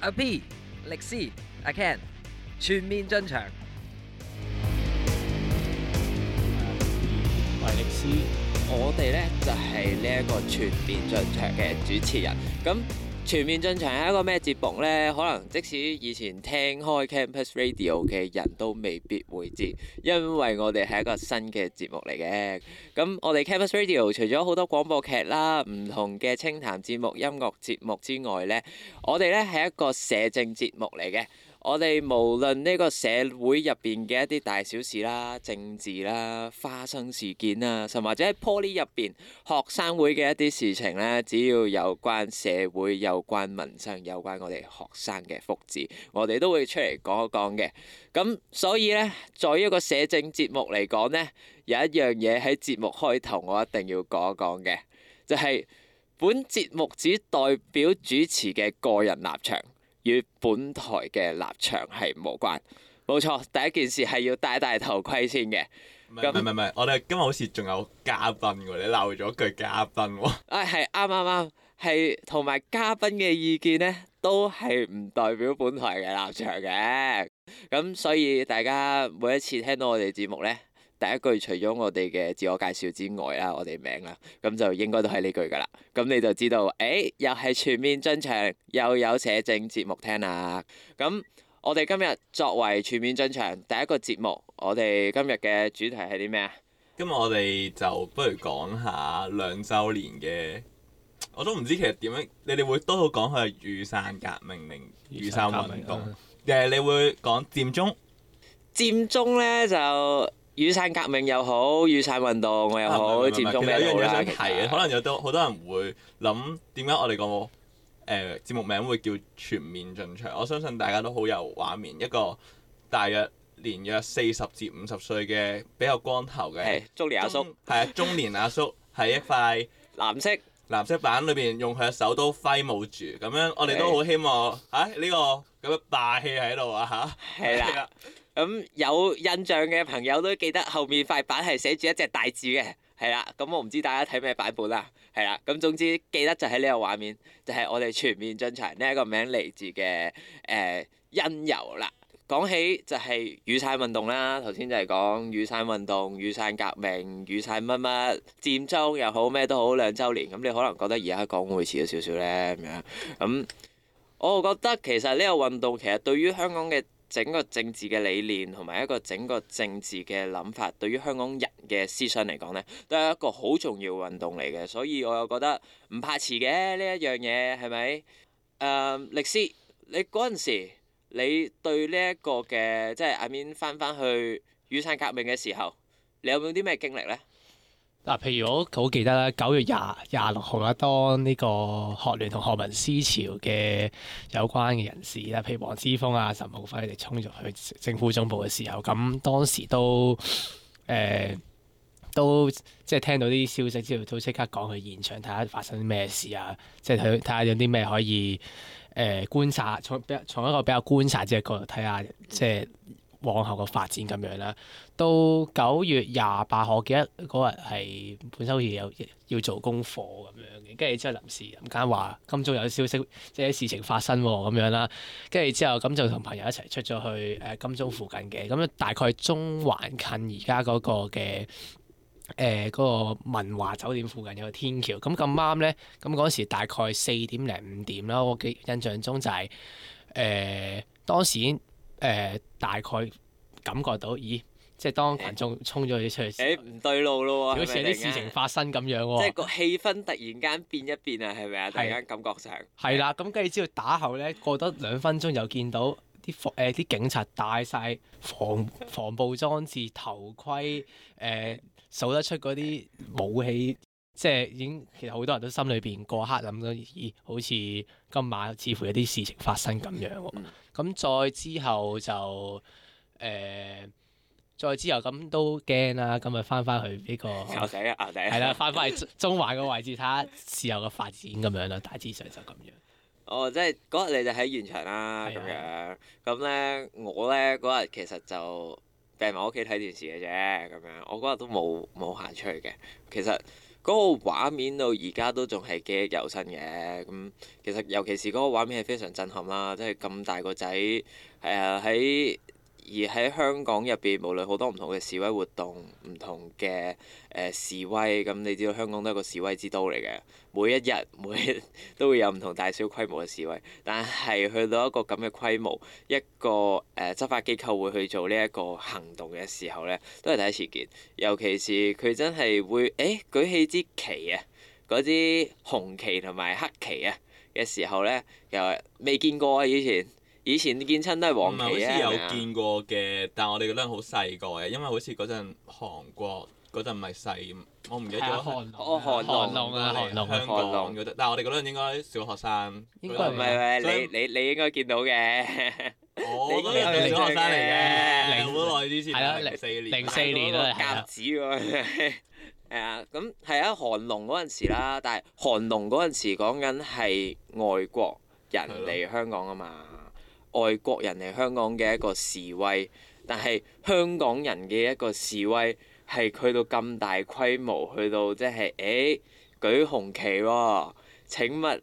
阿 P 力斯，阿 Ken，全面進場。力斯，C B, C，我哋咧就係呢一個全面進場嘅主持人，咁。全面進場係一個咩節目呢？可能即使以前聽開 Campus Radio 嘅人都未必會知，因為我哋係一個新嘅節目嚟嘅。咁我哋 Campus Radio 除咗好多廣播劇啦、唔同嘅清談節目、音樂節目之外呢，我哋呢係一個社政節目嚟嘅。我哋無論呢個社會入邊嘅一啲大小事啦、政治啦、花生事件啦，甚至喺 Poly 入邊學生會嘅一啲事情呢，只要有關社會、有關民生、有關我哋學生嘅福祉，我哋都會出嚟講一講嘅。咁所以呢，在一個社政節目嚟講呢，有一樣嘢喺節目開頭，我一定要講一講嘅，就係、是、本節目只代表主持嘅個人立場。與本台嘅立場係無關，冇錯。第一件事係要戴大頭盔先嘅。唔係唔係唔係，我哋今日好似仲有嘉賓喎，你鬧咗句嘉賓喎。啊、 哎，係啱啱啱，係同埋嘉賓嘅意見呢都係唔代表本台嘅立場嘅。咁所以大家每一次聽到我哋節目呢，第一句除咗我哋嘅自我介紹之外啦，我哋名啦，咁就應該都係呢句噶啦。咁你就知道，誒，又係全面進場，又有社政節目聽啦。咁我哋今日作為全面進場第一個節目，我哋今日嘅主題係啲咩啊？今日我哋就不如講下兩週年嘅，我都唔知其實點樣。你哋會多數講佢係雨傘革命定雨傘運動？誒、啊，你會講佔中？佔中咧就～雨傘革命又好，雨傘運動我又好、呃，節目名我諗係嘅，可能有多好多人會諗點解我哋個誒節目名會叫全面進場？我相信大家都好有畫面，一個大約年約四十至五十歲嘅比較光頭嘅中年阿叔，係啊，中年阿叔係一塊藍色 藍色板裏邊用佢嘅手都揮舞住，咁樣我哋都好希望嚇呢的、啊這個咁樣霸氣喺度啊嚇！係啦的。 咁有印象嘅朋友都記得後面塊板係寫住一隻大字嘅，係啦。咁、嗯、我唔知大家睇咩版本啦、啊，係啦。咁總之記得就喺呢個畫面，就係、是、我哋全面進場呢一個名嚟自嘅誒因由啦。講起就係雨傘運動啦，頭先就係講雨傘運動、雨傘革命、雨傘乜乜佔中又好咩都好兩週年，咁你可能覺得而家講會遲咗少少呢。咁、嗯、樣。咁我覺得其實呢個運動其實對於香港嘅整個政治嘅理念同埋一個整個政治嘅諗法，對於香港人嘅思想嚟講呢都係一個好重要運動嚟嘅。所以我又覺得唔怕遲嘅呢一樣嘢，係咪？誒、呃，力師，你嗰陣時你對呢一個嘅，即係阿 Min 返返去雨傘革命嘅時候，你有冇啲咩經歷呢？嗱，譬、啊、如我好記得啦，九月廿廿六號啊，當呢個學聯同學民思潮嘅有關嘅人士啦，譬如黃之鋒啊、岑敖暉，你哋衝入去政府總部嘅時候，咁當時都誒、呃、都即係聽到啲消息之後，都即刻趕去現場睇下發生咩事啊，即係睇睇下有啲咩可以誒、呃、觀察，從比較從一個比較觀察者嘅角度睇下，即係。往後嘅發展咁樣啦，到九月廿八號我記得嗰日係本身好似有要做功課咁樣嘅，跟住之後臨時臨間話金鐘有消息，即係事情發生咁樣啦，跟住之後咁就同朋友一齊出咗去誒金鐘附近嘅，咁大概中環近而家嗰個嘅誒嗰個文華酒店附近有個天橋，咁咁啱咧，咁嗰時大概四點零五點啦，我記印象中就係、是、誒、呃、當時。誒、呃、大概感覺到，咦，即係當群眾衝咗去出去，誒唔、欸、對路咯喎！如果似有啲事情發生咁樣喎，即係個氣氛突然間變一變啊，係咪啊？是突然間感覺上係啦，咁跟住知道打後咧，過多兩分鐘又見到啲防誒啲警察戴晒防防暴裝置、 頭盔誒，數、呃、得出嗰啲武器，即係已經其實好多人都心裏邊嗰刻諗到，咦，好似今晚似乎有啲事情發生咁樣喎。 咁、嗯、再之後就誒、欸，再之後咁都驚啦，咁咪翻翻去呢、這個牛仔仔、啊，係啦，翻翻去中環個位置睇下 事後嘅發展咁樣啦。大致上就咁樣。哦，即係嗰日你就喺現場啦、啊、咁樣，咁咧是、啊、我咧嗰日其實就病埋屋企睇電視嘅啫，咁樣我嗰日都冇冇行出去嘅，其實。嗰個畫面到而家都仲係記憶猶新嘅，咁其實尤其是嗰個畫面係非常震撼啦，即係咁大個仔誒喺。而喺香港入邊，無論好多唔同嘅示威活動、唔同嘅誒、呃、示威，咁你知道香港都係個示威之都嚟嘅。每一日每一日都會有唔同大小規模嘅示威，但係去到一個咁嘅規模，一個誒、呃、執法機構會去做呢一個行動嘅時候咧，都係第一次見。尤其是佢真係會誒、欸、舉起支旗啊，嗰支紅旗同埋黑旗啊嘅時候咧，又未見過啊，以前。以前啲見親都係黃咩嘢啊？唔係好似有見過嘅，但我哋覺得好細個嘅，因為好似嗰陣韓國嗰陣唔係細，我唔記得韓韓農啊，韓農嗰陣，但係我哋嗰陣應該小學生，應該唔係你你你應該見到嘅。我我都係小學生嚟嘅，好耐之前係咯，零四年零四年啊，夾子係啊，咁係啊，韓農嗰陣時啦，但係韓農嗰陣時講緊係外國人嚟香港啊嘛。外國人嚟香港嘅一個示威，但係香港人嘅一個示威係去到咁大規模，去到即係誒舉紅旗喎，哦，請勿。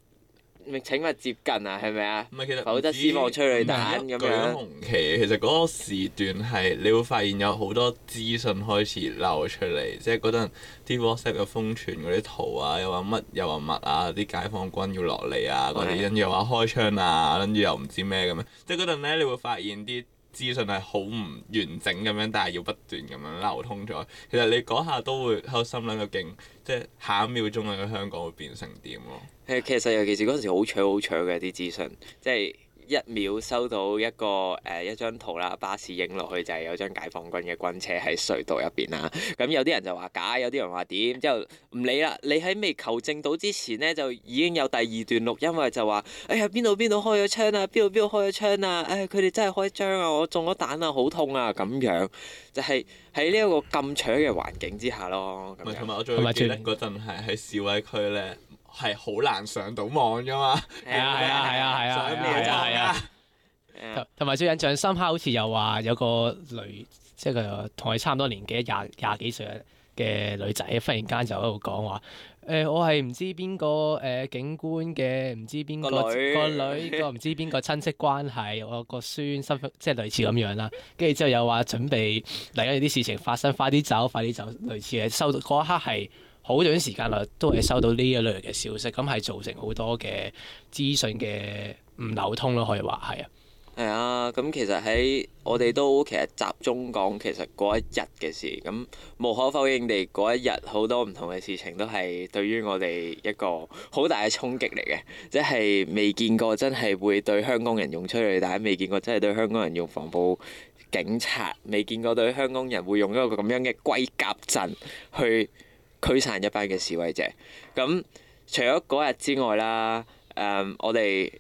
請勿接近啊，係咪啊？唔係，其實，否則私放催淚彈咁樣。舉紅旗，其實嗰個時段係你會發現有好多資訊開始流出嚟，即係嗰陣啲 WhatsApp 有瘋傳嗰啲圖啊，又話乜又話乜啊，啲解放軍要落嚟啊，嗰啲的，跟住又話開槍啊，跟住又唔知咩咁樣。即係嗰陣咧，你會發現啲資訊係好唔完整咁樣，但係要不斷咁樣流通咗。其實你嗰下都會喺心諗個勁，即係下一秒鐘嘅香港會變成點咯？其實尤其是嗰陣時好搶好搶嘅啲資訊，即係一秒收到一個誒、呃、一張圖啦，巴士影落去就係、是、有張解放軍嘅軍車喺隧道入邊啦。咁、嗯、有啲人就話假，有啲人話點，之後唔理啦。你喺未求證到之前呢，就已經有第二段錄音，因為就話哎呀邊度邊度開咗槍啊，邊度邊度開咗槍啊，唉佢哋真係開槍啊，我中咗彈啊，好痛啊咁樣，就係喺呢一個咁搶嘅環境之下咯。同埋我最記得嗰陣係喺示威區呢。係好難上到網㗎嘛？係啊係啊係啊係啊，上咩就係啊。同埋最印象深刻，好似又話有,有個女，即係佢同佢差唔多年紀，廿廿幾歲嘅女仔，忽然間就喺度講話：，誒、呃，我係唔知邊個誒、呃、警官嘅，唔知邊個個女個唔知邊個親戚關係， 我個孫身份即係類似咁樣啦。跟住之後又話準備，嚟緊有啲事情發生，快啲走，快啲走，類似嘅。收到嗰一刻係。好短時間啦，都係收到呢一類嘅消息，咁係造成好多嘅資訊嘅唔流通咯，可以話係啊。係啊，咁其實喺我哋都其實集中講，其實嗰一日嘅事咁，無可否認地，嗰一日好多唔同嘅事情都係對於我哋一個好大嘅衝擊嚟嘅，即係未見過真係會對香港人用催淚彈，但係未見過真係對香港人用防暴警察，未見過對香港人會用一個咁樣嘅龜甲陣去。驅散一班嘅示威者，咁除咗嗰日之外啦，誒、嗯，我哋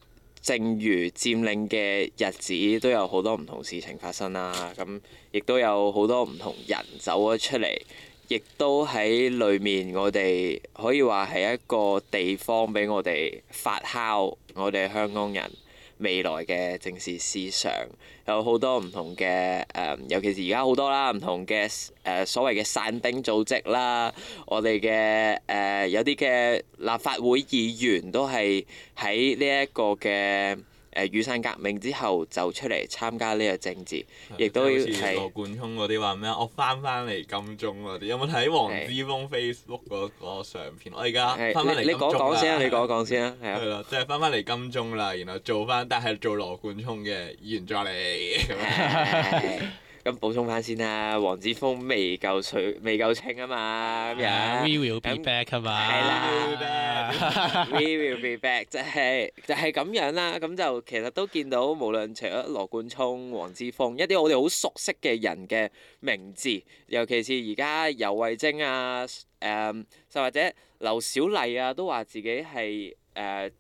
正如佔領嘅日子都有好多唔同事情發生啦，咁亦都有好多唔同人走咗出嚟，亦都喺裏面我哋可以話係一個地方俾我哋發酵，我哋香港人未來嘅政治思想有好多唔同嘅誒、呃，尤其是而家好多啦，唔同嘅誒、呃、所謂嘅散兵組織啦，我哋嘅誒有啲嘅立法會議員都係喺呢一個嘅。誒雨傘革命之後就出嚟參加呢個政治，亦吧都好似羅冠聰嗰啲話咩我翻翻嚟金鐘嗰啲，有冇睇黃之鋒 Facebook 嗰個相片？是我而家翻翻嚟，你講講先啦。你講講先啊！係啦，即係翻翻嚟金鐘啦吧、就是，然後做翻，但係做羅冠聰嘅議員助理。是 咁補充翻先啦，黃之鋒未夠水，未夠清啊嘛，咁樣。We will be back 啊嘛。係咪？We will be back 就係就係咁樣啦，咁就其實都見到，無論除咗羅冠聰、黃之鋒一啲我哋好熟悉嘅人嘅名字，尤其是而家游蕙禎啊，誒，就或者劉小麗啊，都話自己係誒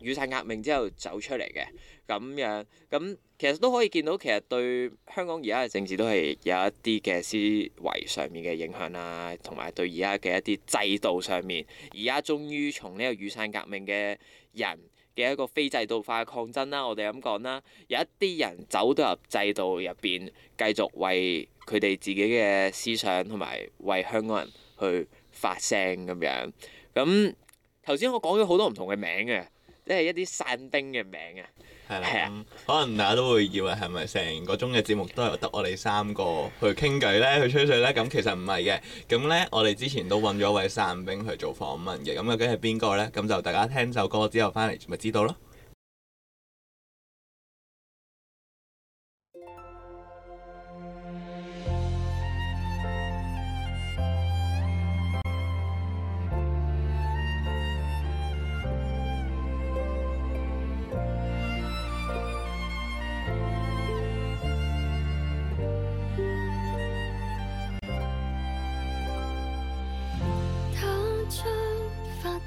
雨傘革命之後走出嚟嘅，咁樣咁。其實都可以見到，其實對香港而家嘅政治都係有一啲嘅思維上面嘅影響啦，同埋對而家嘅一啲制度上面，而家終於從呢個雨傘革命嘅人嘅一個非制度化嘅抗爭啦，我哋咁講啦，有一啲人走咗入制度入邊，繼續為佢哋自己嘅思想同埋為香港人去發聲咁樣。咁頭先我講咗好多唔同嘅名啊，即係一啲傘兵嘅名啊。係啦，咁、嗯、的可能大家都會以為係咪成個鐘嘅節目都係得我哋三個去傾偈咧，去吹水咧？咁其實唔係嘅，咁咧我哋之前都揾咗一位散兵去做訪問嘅，咁究竟係邊個咧？咁就大家聽首歌之後翻嚟咪知道咯。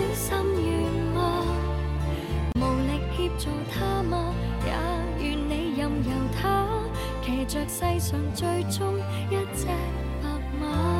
真心願嗎？無力協助他嗎？也願你任由他騎着世上最終一隻白馬。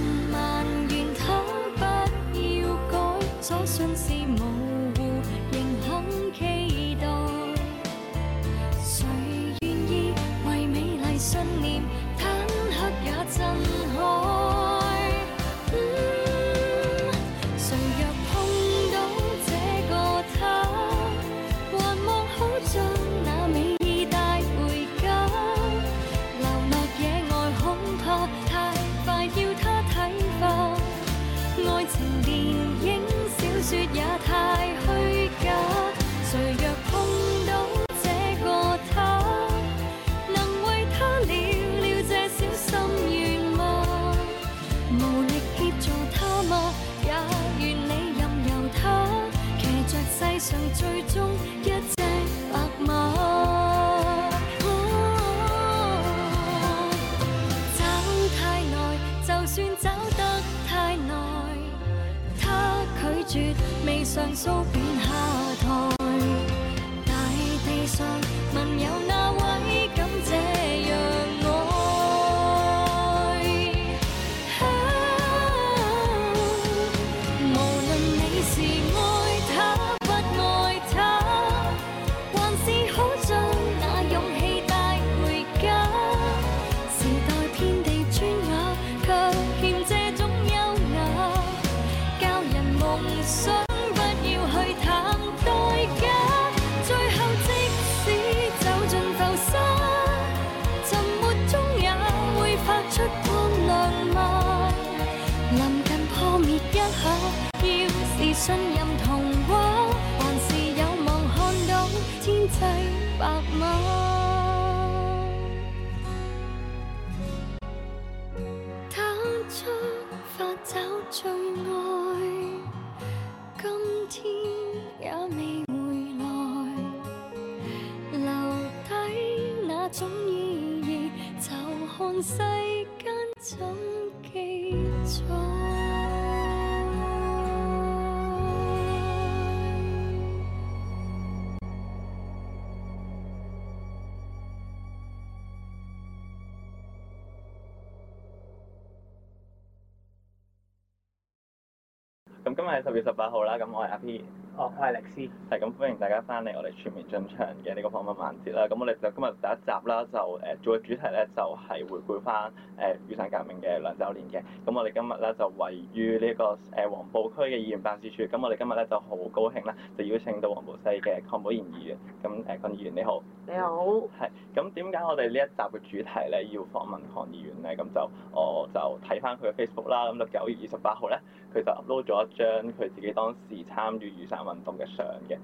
咁今日係十月十八號啦，咁我係阿 P。哦，我係歷史。係咁，歡迎大家翻嚟我哋全面進場嘅呢個訪問環節啦。咁我哋今日第一集啦，就誒做嘅主題咧，就係回顧翻誒雨傘革命嘅兩週年嘅。咁我哋今日咧就位於呢個誒黃埔區嘅議員辦事處。咁我哋今日咧就好高興啦，就邀請到黃埔西嘅康寶賢議員。咁誒，康議員你好。你好。係好。咁點解我哋呢一集嘅主題咧要訪問康議員咧？咁就我就睇翻佢嘅 Facebook 啦。咁就九月二十八號咧，佢就 upload 咗一張佢自己當時參與雨傘。運動嘅相嘅，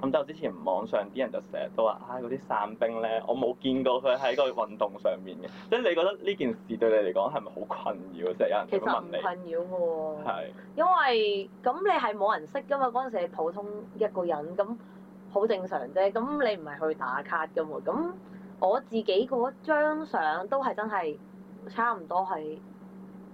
咁但係之前網上啲人就成日都話啊，嗰啲散兵咧，我冇見過佢喺個運動上面嘅，即係你覺得呢件事對你嚟講係咪好困擾？成日有人問你，其實唔困擾嘅喎，係，因為咁你係冇人識㗎嘛，嗰陣時係普通一個人，咁好正常啫。咁你唔係去打卡㗎嘛？咁我自己嗰張相都係真係差唔多係。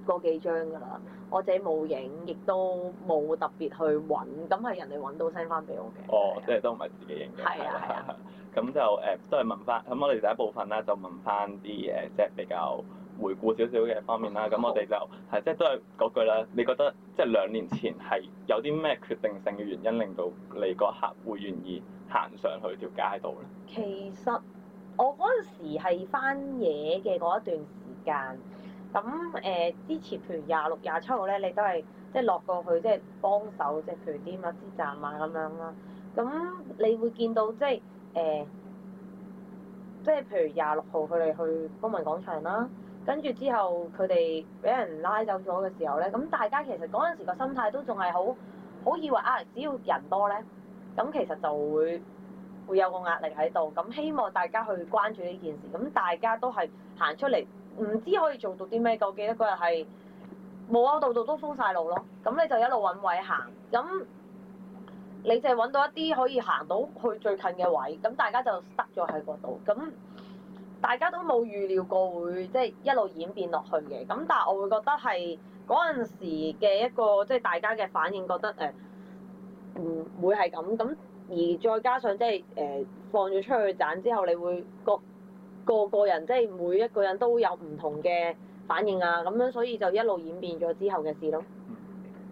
個幾張㗎啦，我自己冇影，亦都冇特別去揾，咁係人哋揾到 send 翻俾我嘅。哦，啊、即係都唔係自己影嘅。係啊係啊，咁就誒都係問翻，咁我哋第一部分咧就問翻啲嘢，即係比較回顧少少嘅方面啦。咁好我哋就係即係都係嗰句啦。你覺得即係兩年前係有啲咩決定性嘅原因令到你個客會願意行上去條街度咧？其實我嗰陣時係翻嘢嘅嗰一段時間。咁誒、呃、之前譬如廿六廿七號咧，你都係即係落過去，即係幫手，即係譬如啲物資站啊咁樣啦。咁你會見到即係誒，即係、呃、譬如廿六號佢哋去公民廣場啦，跟住之後佢哋俾人拉走咗嘅時候咧，咁大家其實嗰陣時個心態都仲係好，好以為啊，只要人多咧，咁其實就會會有個壓力喺度。咁希望大家去關注呢件事，咁大家都係行出嚟。唔知可以做到啲咩，我記得嗰日係冇啊，度度都封晒路咯。咁你就一路揾位行，咁你就揾到一啲可以行到去最近嘅位，咁大家就塞咗喺嗰度。咁大家都冇預料過會即係、就是、一路演變落去嘅。咁但係我會覺得係嗰陣時嘅一個即係、就是、大家嘅反應，覺得誒唔、呃、會係咁咁，而再加上即係誒放咗出去掙之後，你會覺。個個人即係每一個人都有唔同嘅反應啊，咁樣所以就一路演變咗之後嘅事咯。嗯，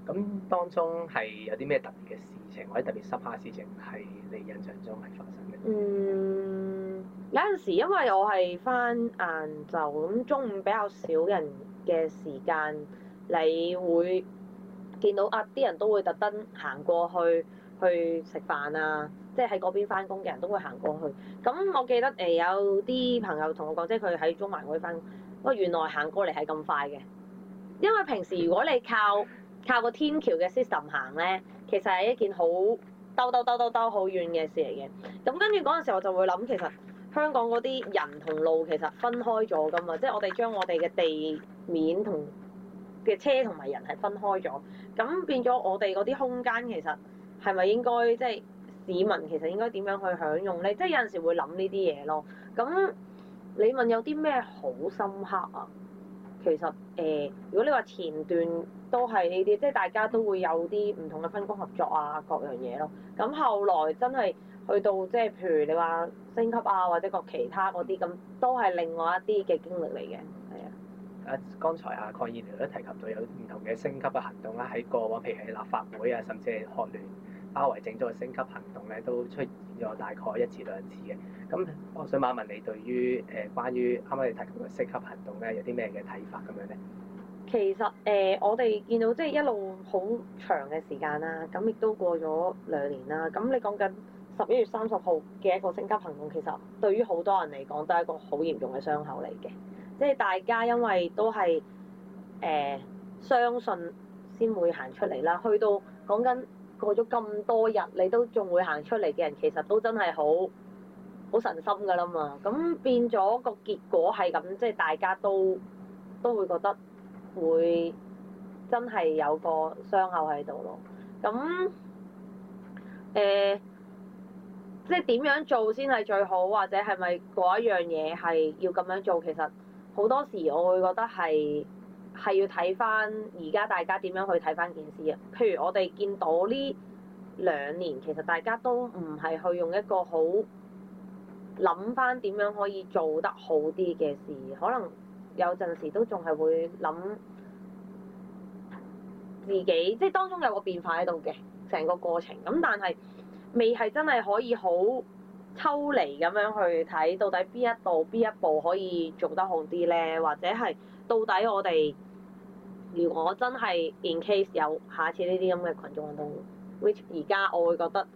咁當中係有啲咩特別嘅事情或者特別深刻嘅事情係你印象中係發生嘅？嗯，有陣時因為我係返晏晝，咁中午比較少人嘅時間，你會見到啊啲人都會特登行過去，去食飯啊！即係喺嗰邊返工嘅人都會行過去。咁我記得誒有啲朋友同我講，即係佢喺中環嗰邊返，哇，原來行過嚟係咁快嘅。因為平時如果你靠靠個天橋嘅 system 行咧，其實係一件好兜兜兜兜兜好遠嘅事嚟嘅。咁跟住嗰陣時我就會諗，其實香港嗰啲人同路其實分開咗㗎嘛，即係我哋將我哋嘅地面同嘅車同埋人係分開咗，咁變咗我哋嗰啲空間其實。係咪應該即係市民其實應該點樣去享用咧？即係有陣時會諗呢啲嘢咯。咁你問有啲咩好深刻啊？其實誒、呃，如果你話前段都係呢啲，即係大家都會有啲唔同嘅分工合作啊，各樣嘢咯。咁後來真係去到即係譬如你話升級啊，或者個其他嗰啲咁，都係另外一啲嘅經歷嚟嘅。係啊，誒，剛才啊，蔡燕如都提及到有唔同嘅升級嘅行動啦，喺過往，譬如喺立法會啊，甚至係學聯。包圍整咗嘅升級行動咧，都出現咗大概一次兩次嘅。咁我想問一問你，對於誒、呃、關於啱啱你提及嘅升級行動咧，有啲咩嘅睇法咁樣咧？其實誒、呃，我哋見到即係一路好長嘅時間啦，咁亦都過咗兩年啦。咁你講緊十一月三十號嘅一個升級行動，其實對於好多人嚟講都係一個好嚴重嘅傷口嚟嘅。即係大家因為都係誒、呃、相信先會行出嚟啦，去到講緊。過咗咁多日，你都仲會行出嚟嘅人，其實都真係好好神心㗎啦嘛。咁變咗個結果係咁，即係大家都都會覺得會真係有個傷口喺度咯。咁誒，呃，即係點樣做先係最好，或者係咪嗰一樣嘢係要咁樣做？其實好多時我會覺得係。係要睇翻而家大家點樣去睇翻件事啊。譬如我哋見到呢兩年，其實大家都唔係去用一個好諗翻點樣可以做得好啲嘅事，可能有陣時都仲係會諗自己，即係當中有個變化喺度嘅成個過程。咁但係未係真係可以好抽離咁樣去睇，到底邊一度、邊一步可以做得好啲咧，或者係？到底我哋，如果真係 in case 有下次呢啲咁嘅群眾運動 which 而家我會覺得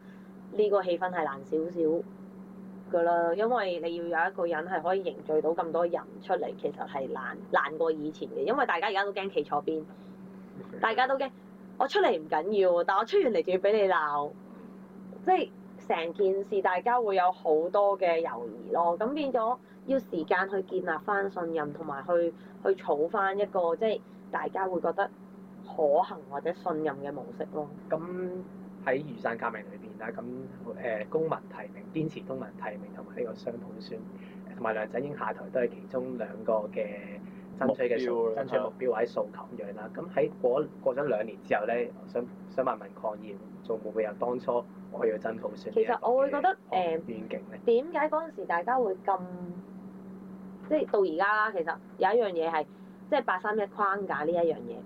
呢個氣氛係難少少㗎啦，因為你要有一個人係可以凝聚到咁多人出嚟，其實係難難過以前嘅，因為大家而家都驚企坐邊，大家都驚我出嚟唔緊要，但我出完嚟仲要俾你鬧，即係成件事大家會有好多嘅猶疑咯，咁變咗。要時間去建立翻信任，同埋去去儲翻一個即係大家會覺得可行或者信任嘅模式咯。咁喺雨傘革命裏邊啦，咁誒、呃、公民提名、堅持公民提名同埋呢個雙普選，同埋梁振英下台都係其中兩個嘅爭取嘅爭取目標，目標或者訴求咁樣啦。咁喺過過咗兩年之後咧，我想想問問抗議，仲會唔會有當初我要真普選？其實我會覺得誒，點解嗰陣時大家會咁？即係到而家啦，其實有一樣嘢係，即係八三一框架呢一樣嘢。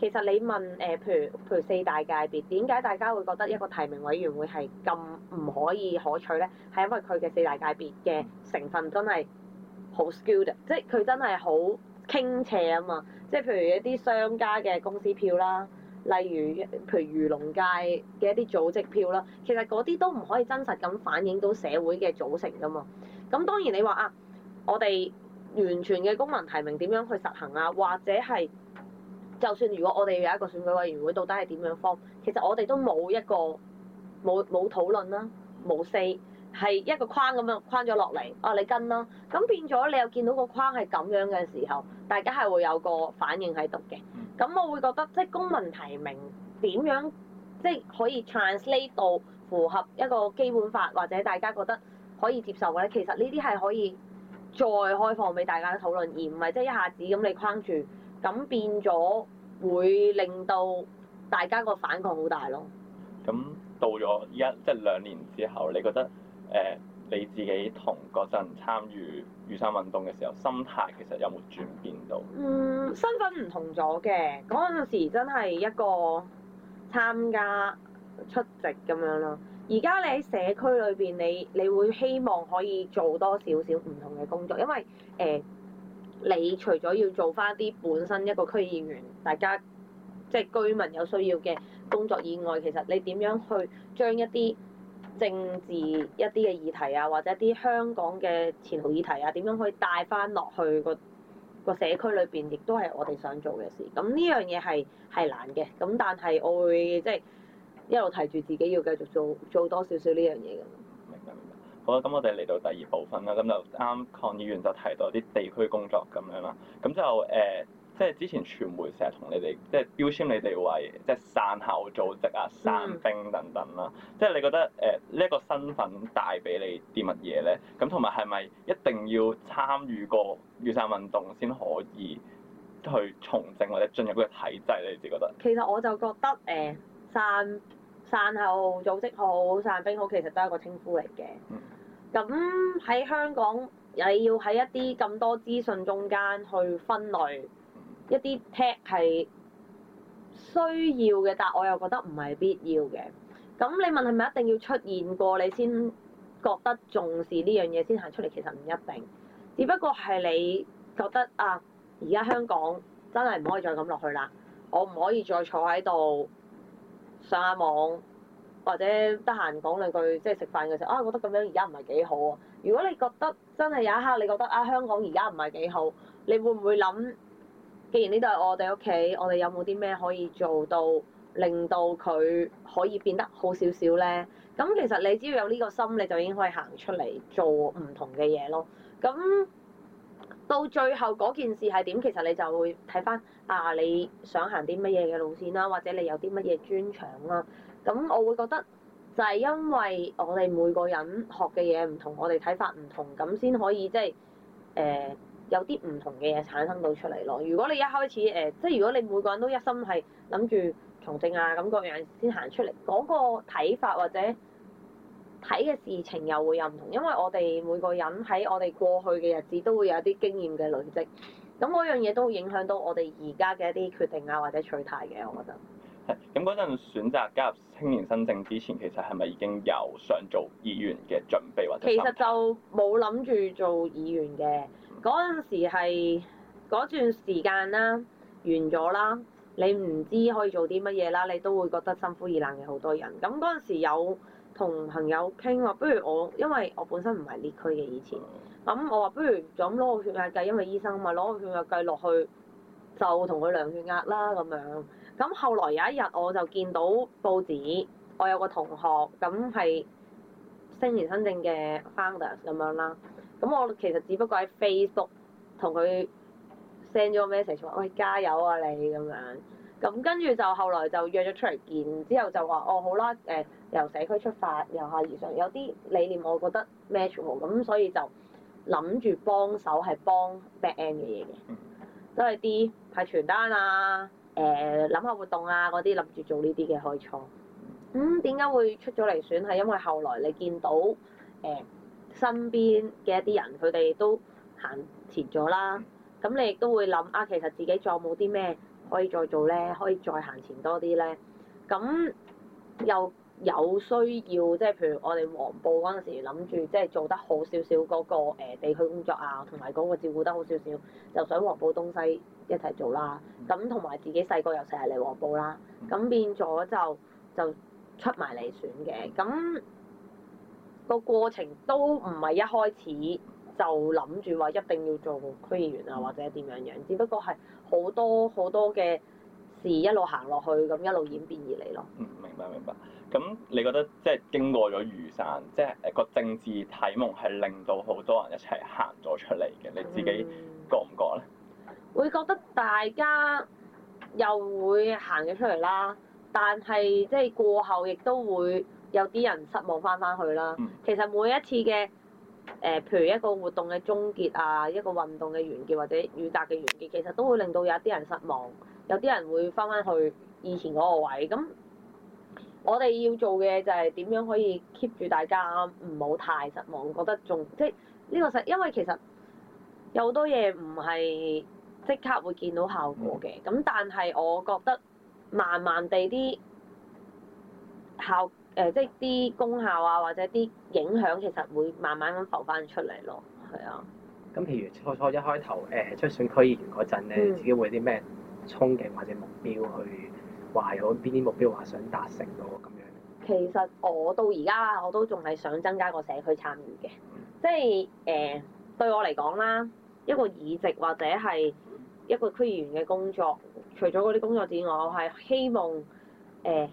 其實你問誒、呃，譬如譬如四大界別，點解大家會覺得一個提名委員會係咁唔可以可取咧？係因為佢嘅四大界別嘅成分真係好 skewed，即係佢真係好傾斜啊嘛。即係譬如一啲商家嘅公司票啦，例如譬如漁農界嘅一啲組織票啦，其實嗰啲都唔可以真實咁反映到社會嘅組成㗎嘛。咁當然你話啊，我哋完全嘅公民提名點樣去實行啊？或者係就算如果我哋有一個選舉委員會到底係點樣 form？其實我哋都冇一個冇冇討論啦，冇 say，係一個框咁樣框咗落嚟。啊，你跟啦。咁變咗你又見到個框係咁樣嘅時候，大家係會有個反應喺度嘅。咁我會覺得即係公民提名點樣即係可以 translate 到符合一個基本法或者大家覺得可以接受嘅咧？其實呢啲係可以。再開放俾大家討論，而唔係即係一下子咁你框住，咁變咗會令到大家個反抗好大咯。咁到咗一即係、就是、兩年之後，你覺得誒、呃、你自己同嗰陣參與雨傘運動嘅時候，心態其實有冇轉變到？嗯，身份唔同咗嘅，嗰陣時真係一個參加出席咁樣咯。而家你喺社區裏邊，你你會希望可以做多少少唔同嘅工作，因為誒、呃，你除咗要做翻啲本身一個區議員，大家即係、即係、居民有需要嘅工作以外，其實你點樣去將一啲政治一啲嘅議題啊，或者啲香港嘅前途議題啊，點樣可以帶翻落去個個社區裏邊，亦都係我哋想做嘅事。咁呢樣嘢係係難嘅，咁但係我會即係。即係一路提住自己要繼續做做多少少呢樣嘢㗎。明㗎，明㗎。好啦，咁我哋嚟到第二部分啦。咁就啱啱抗議完就提到啲地區工作咁樣啦。咁就誒，即、呃、係、就是、之前傳媒成日同你哋即係標籤你哋為即係傘後組織啊、傘兵等等啦。嗯、即係你覺得誒呢一個身份帶俾你啲乜嘢咧？咁同埋係咪一定要參與過雨傘運動先可以去從政或者進入嗰個體制咧？你自己覺得？其實我就覺得誒傘。呃散後組織好，散兵好，其實都係一個稱呼嚟嘅。咁喺香港，你要喺一啲咁多資訊中間去分類一啲 tag 係需要嘅，但我又覺得唔係必要嘅。咁你問係咪一定要出現過你先覺得重視呢樣嘢先行出嚟？其實唔一定，只不過係你覺得啊，而家香港真係唔可以再咁落去啦，我唔可以再坐喺度。上下網或者得閒講兩句，即係食飯嘅時候啊，我覺得咁樣而家唔係幾好啊。如果你覺得真係有一刻你覺得啊香港而家唔係幾好，你會唔會諗？既然呢度係我哋屋企，我哋有冇啲咩可以做到令到佢可以變得好少少咧？咁其實你只要有呢個心，你就已經可以行出嚟做唔同嘅嘢咯。咁到最後嗰件事係點，其實你就會睇返啊！你想行啲乜嘢嘅路線啦，或者你有啲乜嘢專長啦。咁我會覺得就係因為我哋每個人學嘅嘢唔同，我哋睇法唔同，咁先可以即係誒有啲唔同嘅嘢產生到出嚟咯。如果你一開始誒、呃，即係如果你每個人都一心係諗住從政啊咁各樣先行出嚟，嗰、嗰個睇法或者，睇嘅事情又會有唔同，因為我哋每個人喺我哋過去嘅日子都會有一啲經驗嘅累積，咁嗰樣嘢都會影響到我哋而家嘅一啲決定啊，或者取態嘅，我覺得。係、嗯，咁嗰陣選擇加入青年新政之前，其實係咪已經有想做議員嘅準備或者？其實就冇諗住做議員嘅，嗰陣時係嗰段時間啦，完咗啦，你唔知可以做啲乜嘢啦，你都會覺得心灰意冷嘅好多人。咁嗰陣時有。同朋友傾話，不如我因為我本身唔係列區嘅，以前，咁我話不如就咁攞個血壓計，因為醫生嘛，攞個血壓計落去就同佢量血壓啦咁樣。咁後來有一日我就見到報紙，我有個同學咁係青年新政嘅 founder 咁樣啦。咁我其實只不過喺 Facebook 同佢 send 咗個 message 話喂，加油啊你咁樣。咁跟住就後來就約咗出嚟見，之後就話哦好啦，誒、呃、由社區出發，由下而上有啲理念，我覺得 match 咁，所以就諗住幫手係幫 back end 嘅嘢嘅，都係啲派傳單啊，誒、呃、諗下活動啊嗰啲，諗住做呢啲嘅開倉。咁點解會出咗嚟選？係因為後來你見到誒、呃、身邊嘅一啲人，佢哋都行前咗啦，咁你亦都會諗啊，其實自己仲有冇啲咩。可以再做咧，可以再行前多啲咧。咁又有需要，即係譬如我哋黃埔嗰陣時諗住，即係做得好少少嗰個誒地區工作啊，同埋嗰個照顧得好少少，就想黃埔東西一齊做啦。咁同埋自己細個又成日嚟黃埔啦，咁變咗就就出埋嚟選嘅。咁個過程都唔係一開始就諗住話一定要做區議員啊，或者點樣樣，只不過係。好多好多嘅事一路行落去，咁一路演變而嚟咯。嗯，明白，明白。咁你覺得即係經過咗雨傘，即係個政治體蒙係令到好多人一齊行咗出嚟嘅，你自己覺唔覺咧？嗯、會覺得大家又會行咗出嚟啦，但係即係過後亦都會有啲人失望翻翻去啦。其實每一次嘅誒、呃，譬如一個活動嘅終結啊，一個運動嘅完結或者預達嘅完結，其實都會令到有一啲人失望，有啲人會翻翻去以前嗰個位。咁我哋要做嘅就係點樣可以 keep 住大家唔好太失望，覺得仲即係呢個實，因為其實有好多嘢唔係即刻會見到效果嘅。咁但係我覺得慢慢地啲效。誒，即係啲功效啊，或者啲影響，其實會慢慢咁浮翻出嚟咯，係啊。咁譬如初初一開頭誒、欸，出選區議員嗰陣咧，嗯、自己會有啲咩憧憬或者目標去話有好邊啲目標話想達成到咁樣？其實我到而家我都仲係想增加個社區參與嘅，嗯、即係誒、欸、對我嚟講啦，一個議席或者係一個區議員嘅工作，除咗嗰啲工作之外，我係希望誒、欸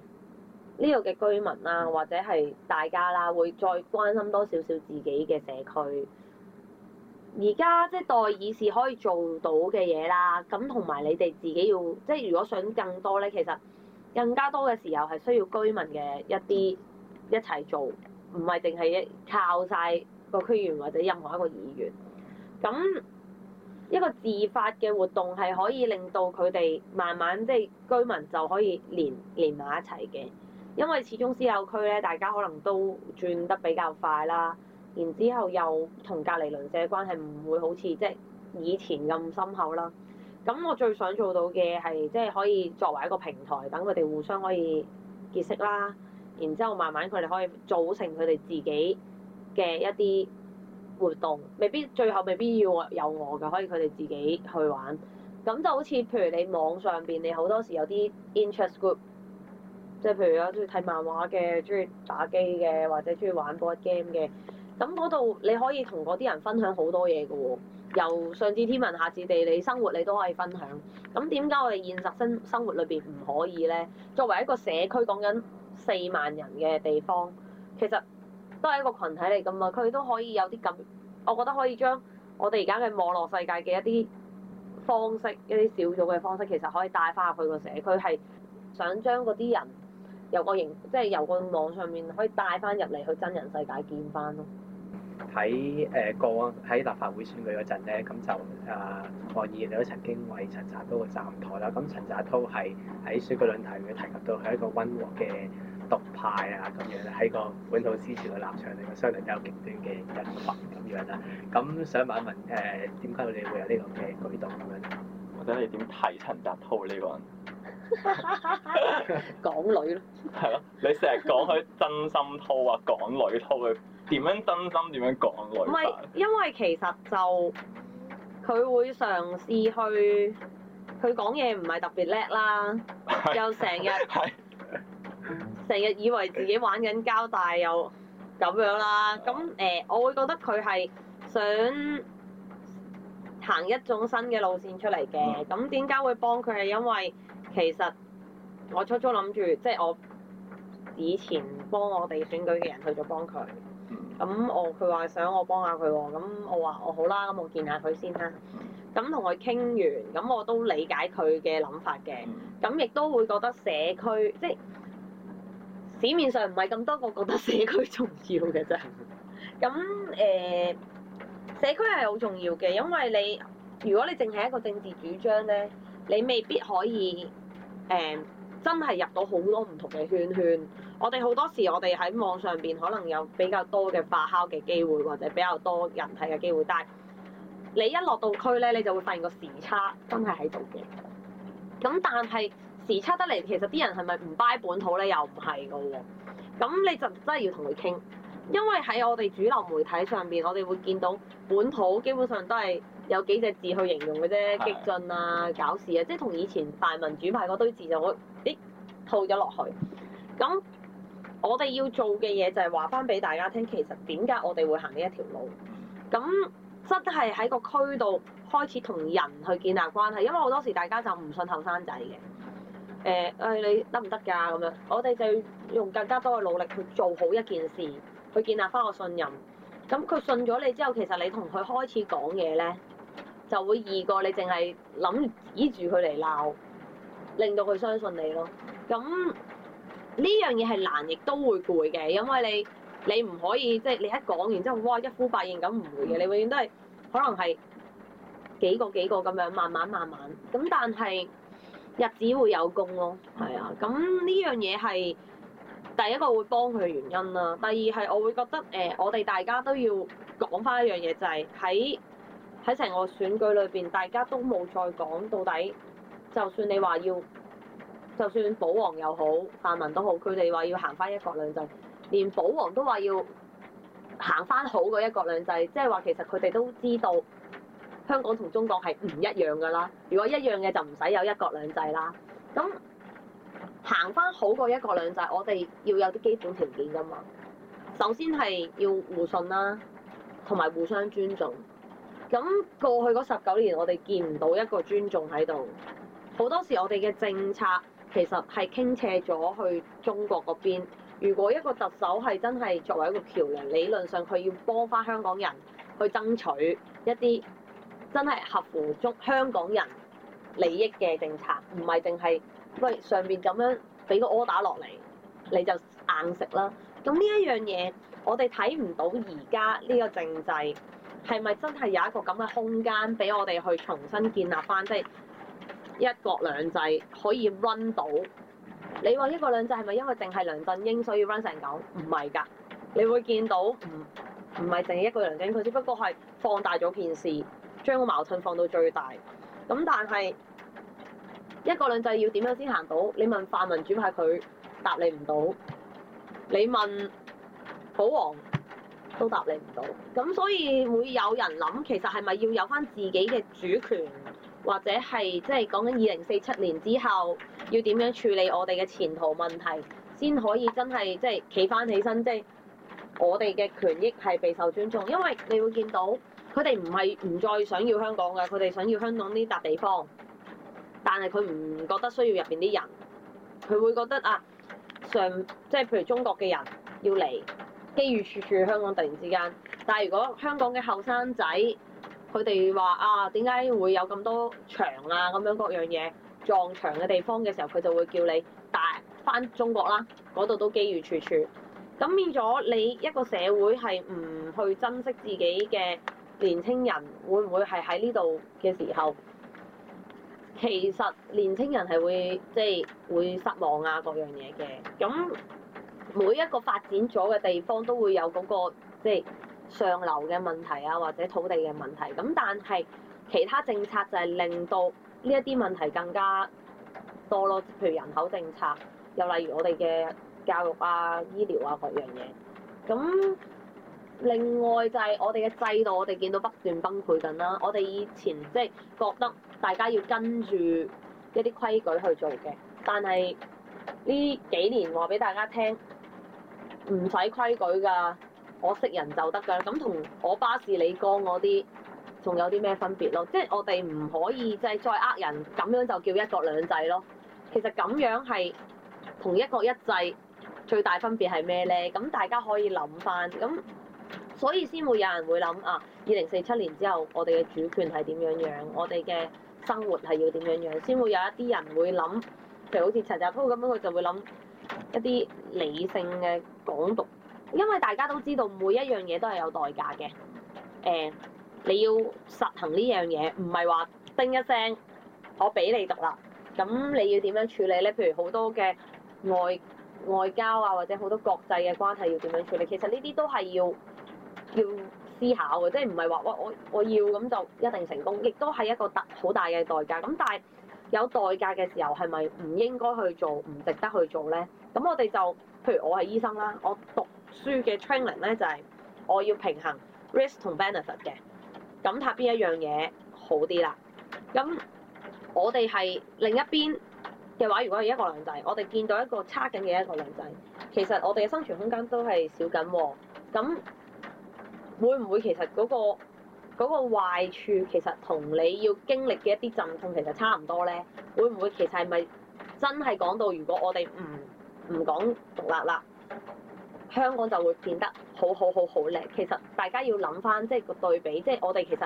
呢度嘅居民啦，或者係大家啦，會再關心多少少自己嘅社區。而家即係代議士可以做到嘅嘢啦，咁同埋你哋自己要即係如果想更多咧，其實更加多嘅時候係需要居民嘅一啲一齊做，唔係淨係靠晒個區員或者任何一個議員。咁一個自發嘅活動，係可以令到佢哋慢慢即係居民就可以連連埋一齊嘅。因為始終私有區咧，大家可能都轉得比較快啦，然之後又同隔離鄰舍嘅關係唔會好似即係以前咁深厚啦。咁我最想做到嘅係即係可以作為一個平台，等佢哋互相可以結識啦，然之後慢慢佢哋可以組成佢哋自己嘅一啲活動，未必最後未必要有我嘅，可以佢哋自己去玩。咁就好似譬如你網上邊，你好多時有啲 interest group。即係譬如有中意睇漫畫嘅，中意打機嘅，或者中意玩 board game 嘅，咁嗰度你可以同嗰啲人分享好多嘢嘅喎，由上至天文下至地理，生活你都可以分享。咁點解我哋現實生生活裏邊唔可以咧？作為一個社區，講緊四萬人嘅地方，其實都係一個群體嚟㗎嘛，佢都可以有啲咁，我覺得可以將我哋而家嘅網絡世界嘅一啲方式、一啲小組嘅方式，其實可以帶翻入去個社區，係想將嗰啲人。由個形，即係由個網上面可以帶翻入嚟去真人世界見翻咯。喺誒過往喺立法會選舉嗰陣咧，咁就誒何業你都曾經為陳澤滔個站台啦。咁陳澤滔係喺《選舉論壇》裏提及到係一個溫和嘅獨派啊，咁樣喺個本土支持嘅立場裏面，相對比較極端嘅人物咁樣啦。咁想問一問誒，點解你會有呢個嘅舉動咁樣？或者你點睇陳澤滔呢個人？港 女咯，係咯，你成日講佢真心膠啊，港女膠，佢點樣真心點樣港女？唔係，因為其實就佢會嘗試去，佢講嘢唔係特別叻啦，又成日係成日以為自己玩緊膠又咁樣啦。咁誒、呃，我會覺得佢係想行一種新嘅路線出嚟嘅。咁點解會幫佢係因為？其實我初初諗住，即係我以前幫我哋選舉嘅人去咗幫佢，咁我佢話想我幫下佢喎，咁我話我好啦，咁我見下佢先啦。咁同佢傾完，咁我都理解佢嘅諗法嘅，咁亦都會覺得社區即係市面上唔係咁多個覺得社區重要嘅啫。咁誒、呃，社區係好重要嘅，因為你如果你淨係一個政治主張咧。你未必可以誒、嗯、真係入到好多唔同嘅圈圈。我哋好多時，我哋喺網上邊可能有比較多嘅發酵嘅機會，或者比較多人睇嘅機會。但係你一落到區咧，你就會發現個時差真係喺度嘅。咁但係時差得嚟，其實啲人係咪唔 buy 本土咧？又唔係㗎喎。咁你就真係要同佢傾，因為喺我哋主流媒體上邊，我哋會見到本土基本上都係。有幾隻字去形容嘅啫，激進啊，搞事啊，即係同以前大民主派嗰堆字就會套咗落去。咁我哋要做嘅嘢就係話翻俾大家聽，其實點解我哋會行呢一條路？咁真係喺個區度開始同人去建立關係，因為好多時大家就唔信後生仔嘅。誒、欸、誒，你得唔得㗎？咁樣我哋就要用更加多嘅努力去做好一件事，去建立翻個信任。咁佢信咗你之後，其實你同佢開始講嘢咧。就會易過你淨係諗指住佢嚟鬧，令到佢相信你咯。咁呢樣嘢係難，亦都會攰嘅，因為你你唔可以即係、就是、你一講完之後哇一呼百應，咁唔會嘅。你永遠都係可能係幾個幾個咁樣，慢慢慢慢。咁但係日子會有功咯，係啊。咁呢樣嘢係第一個會幫佢嘅原因啦。第二係我會覺得誒、呃，我哋大家都要講翻一樣嘢，就係喺。喺成個選舉裏邊，大家都冇再講到底。就算你話要，就算保皇又好，泛民都好，佢哋話要行返一國兩制。連保皇都話要行返好過一國兩制，即係話其實佢哋都知道香港同中國係唔一樣㗎啦。如果一樣嘅就唔使有一國兩制啦。咁行返好過一國兩制，我哋要有啲基本條件㗎嘛。首先係要互信啦，同埋互相尊重。咁過去嗰十九年，我哋見唔到一個尊重喺度。好多時，我哋嘅政策其實係傾斜咗去中國嗰邊。如果一個特首係真係作為一個橋梁，理論上佢要幫返香港人去爭取一啲真係合乎中香港人利益嘅政策，唔係淨係喂上邊咁樣俾個 order 落嚟，你就硬食啦。咁呢一樣嘢，我哋睇唔到而家呢個政制。係咪真係有一個咁嘅空間俾我哋去重新建立返？即係一國兩制可以 run 到？你話一國兩制係咪因為淨係梁振英所以 run 成咁？唔係㗎，你會見到唔唔係淨係一個梁振英，佢只不過係放大咗件事，將個矛盾放到最大。咁但係一國兩制要點樣先行到？你問泛民主派佢答你唔到，你問保皇都答你唔到，咁所以會有人諗其實係咪要有翻自己嘅主權，或者係即係講緊二零四七年之後要點樣處理我哋嘅前途問題先可以真係即係企翻起身，即係我哋嘅權益係備受尊重。因為你會見到，佢哋唔係唔再想要香港嘅，佢哋想要香港呢笪地方，但係佢唔覺得需要入邊啲人，佢會覺得啊，上即係譬如中國嘅人要嚟。機遇處處，香港突然之間，但係如果香港嘅後生仔佢哋話啊，點解會有咁多牆啊，咁樣各樣嘢撞牆嘅地方嘅時候，佢就會叫你返翻中國啦，嗰度都機遇處處。咁變咗你一個社會係唔去珍惜自己嘅年青人，會唔會係喺呢度嘅時候，其實年青人係會即係、就是、會失望啊，各樣嘢嘅咁。每一個發展咗嘅地方都會有嗰、那個即係、就是、上流嘅問題啊，或者土地嘅問題。咁但係其他政策就係令到呢一啲問題更加多咯，譬如人口政策，又例如我哋嘅教育啊、醫療啊各樣嘢。咁另外就係我哋嘅制度，我哋見到不斷崩潰緊啦。我哋以前即係覺得大家要跟住一啲規矩去做嘅，但係呢幾年話俾大家聽。唔使規矩㗎，我識人就得㗎，咁同我巴士李哥嗰啲仲有啲咩分別咯？即係我哋唔可以即係再呃人，咁樣就叫一國兩制咯。其實咁樣係同一國一制最大分別係咩咧？咁大家可以諗翻，咁所以先會有人會諗啊，二零四七年之後我哋嘅主權係點樣樣，我哋嘅生活係要點樣樣，先會有一啲人會諗，譬如好似陳澤滔咁樣，佢就會諗。一啲理性嘅港獨，因為大家都知道每一樣嘢都係有代價嘅。誒、呃，你要實行呢樣嘢，唔係話叮一聲我俾你讀啦，咁你要點樣處理咧？譬如好多嘅外外交啊，或者好多國際嘅關係要點樣處理？其實呢啲都係要要思考嘅，即係唔係話哇我我要咁就一定成功，亦都係一個大好大嘅代價。咁但係。有代價嘅時候係咪唔應該去做，唔值得去做咧？咁我哋就，譬如我係醫生啦，我讀書嘅 training 咧就係，我要平衡 risk 同 benefit 嘅，咁睇邊一樣嘢好啲啦。咁我哋係另一邊嘅話，如果係一個良仔，我哋見到一個差緊嘅一個良仔，其實我哋嘅生存空間都係少緊喎。咁會唔會其實嗰、嗰個？嗰個壞處其實同你要經歷嘅一啲陣痛其實差唔多咧，會唔會其實係咪真係講到如果我哋唔唔講獨立啦，香港就會變得好好好好叻。其實大家要諗翻即係個對比，即係我哋其實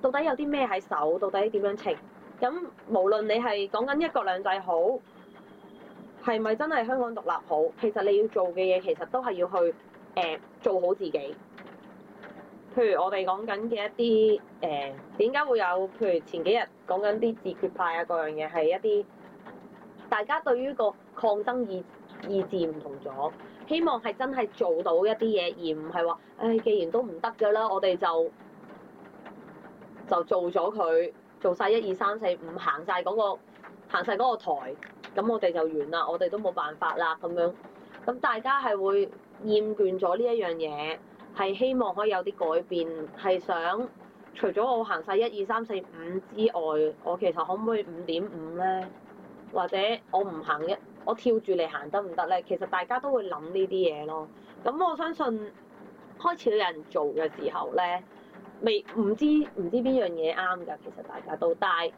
到底有啲咩喺手，到底點樣稱？咁無論你係講緊一國兩制好，係咪真係香港獨立好？其實你要做嘅嘢其實都係要去誒做好自己。譬如我哋講緊嘅一啲誒，點解會有譬如前幾日講緊啲自決派啊各樣嘢，係一啲大家對於個抗爭意意志唔同咗，希望係真係做到一啲嘢，而唔係話，唉、哎，既然都唔得㗎啦，我哋就就做咗佢，做晒一二三四五，行晒嗰個行曬嗰個台，咁我哋就完啦，我哋都冇辦法啦咁樣，咁大家係會厭倦咗呢一樣嘢。係希望可以有啲改變，係想除咗我行晒一二三四五之外，我其實可唔可以五點五咧？或者我唔行一，我跳住嚟行得唔得咧？其實大家都會諗呢啲嘢咯。咁我相信開始有人做嘅時候咧，未唔知唔知邊樣嘢啱㗎，其實大家都，但大，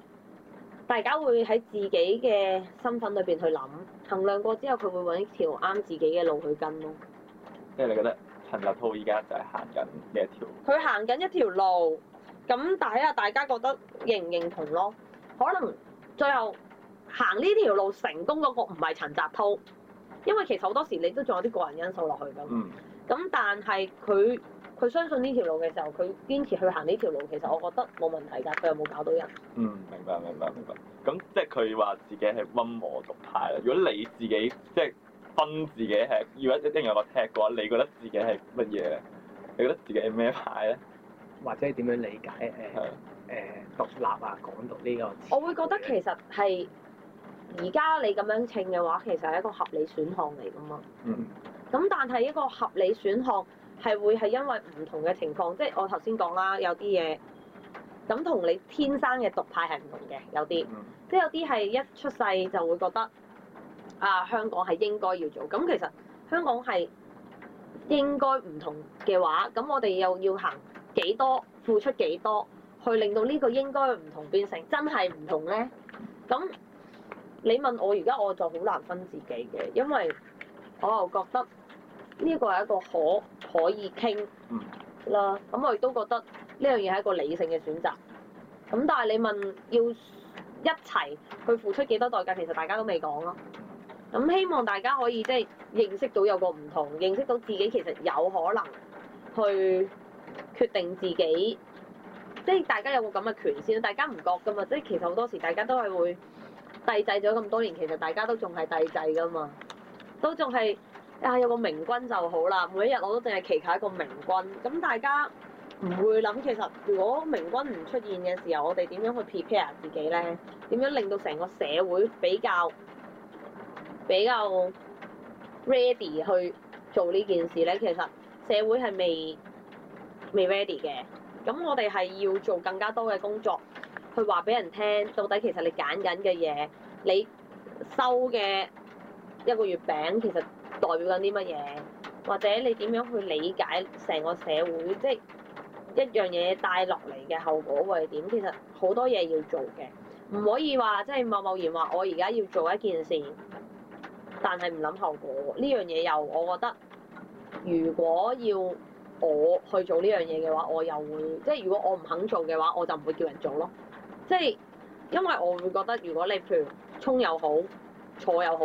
大家會喺自己嘅身份裏邊去諗，衡量過之後佢會揾一條啱自己嘅路去跟咯。咩？你覺得？陳澤滔而家就係行緊呢一條，佢行緊一條路，咁睇下大家覺得認唔認同咯？可能最後行呢條路成功嗰個唔係陳澤滔，因為其實好多時你都仲有啲個人因素落去㗎。嗯。咁但係佢佢相信呢條路嘅時候，佢堅持去行呢條路，其實我覺得冇問題㗎。佢有冇搞到人？嗯，明白，明白，明白。咁即係佢話自己係温和獨派啦。如果你自己即係。分自己係要一一定有個踢嘅話，你覺得自己係乜嘢？你覺得自己咩派咧？或者點樣理解誒誒獨立啊港獨呢個？我會覺得其實係而家你咁樣稱嘅話，其實係一個合理選項嚟噶嘛。嗯。咁但係一個合理選項係會係因為唔同嘅情況，即係我頭先講啦，有啲嘢咁同你天生嘅獨派係唔同嘅，有啲、嗯、即係有啲係一出世就會覺得。啊！香港係應該要做咁，其實香港係應該唔同嘅話，咁我哋又要行幾多，付出幾多，去令到呢個應該唔同變成真係唔同咧？咁你問我而家我就好難分自己嘅，因為我又覺得呢個係一個可可以傾啦，咁我亦都覺得呢樣嘢係一個理性嘅選擇。咁但係你問要一齊去付出幾多代價，其實大家都未講咯。咁希望大家可以即係、就是、認識到有個唔同，認識到自己其實有可能去決定自己，即、就、係、是、大家有冇咁嘅權先？大家唔覺噶嘛？即、就、係、是、其實好多時大家都係會帝制咗咁多年，其實大家都仲係帝制噶嘛，都仲係啊有個明君就好啦。每一日我都淨係祈求一個明君。咁大家唔會諗其實如果明君唔出現嘅時候，我哋點樣去 prepare 自己咧？點樣令到成個社會比較。比較 ready 去做呢件事咧，其實社會係未未 ready 嘅。咁我哋係要做更加多嘅工作，去話俾人聽，到底其實你揀緊嘅嘢，你收嘅一個月餅其實代表緊啲乜嘢，或者你點樣去理解成個社會，即係一樣嘢帶落嚟嘅後果會係點？其實好多嘢要做嘅，唔可以話即係貿貿然話我而家要做一件事。但係唔諗後果呢樣嘢又我覺得，如果要我去做呢樣嘢嘅話，我又會即係如果我唔肯做嘅話，我就唔會叫人做咯。即係因為我會覺得，如果你譬如衝又好，坐又好，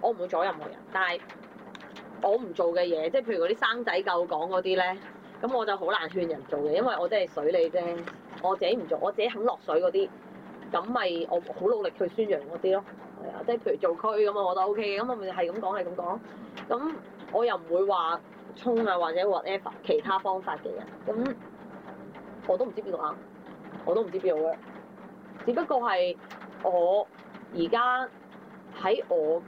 我唔會阻任何人。但係我唔做嘅嘢，即係譬如嗰啲生仔救港嗰啲咧，咁我就好難勸人做嘅，因為我真係水你啫。我自己唔做，我自己肯落水嗰啲，咁咪我好努力去宣揚嗰啲咯。係啊，即係譬如做區咁啊，我覺得 O K 嘅，咁我咪係咁講係咁講，咁我又唔會話衝啊或者或揾其他方法嘅人，咁我都唔知邊度啊，我都唔知邊度嘅，只不過係我而家喺我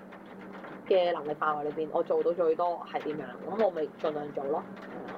嘅能力範圍裏邊，我做到最多係點樣，咁我咪盡量做咯。係啊。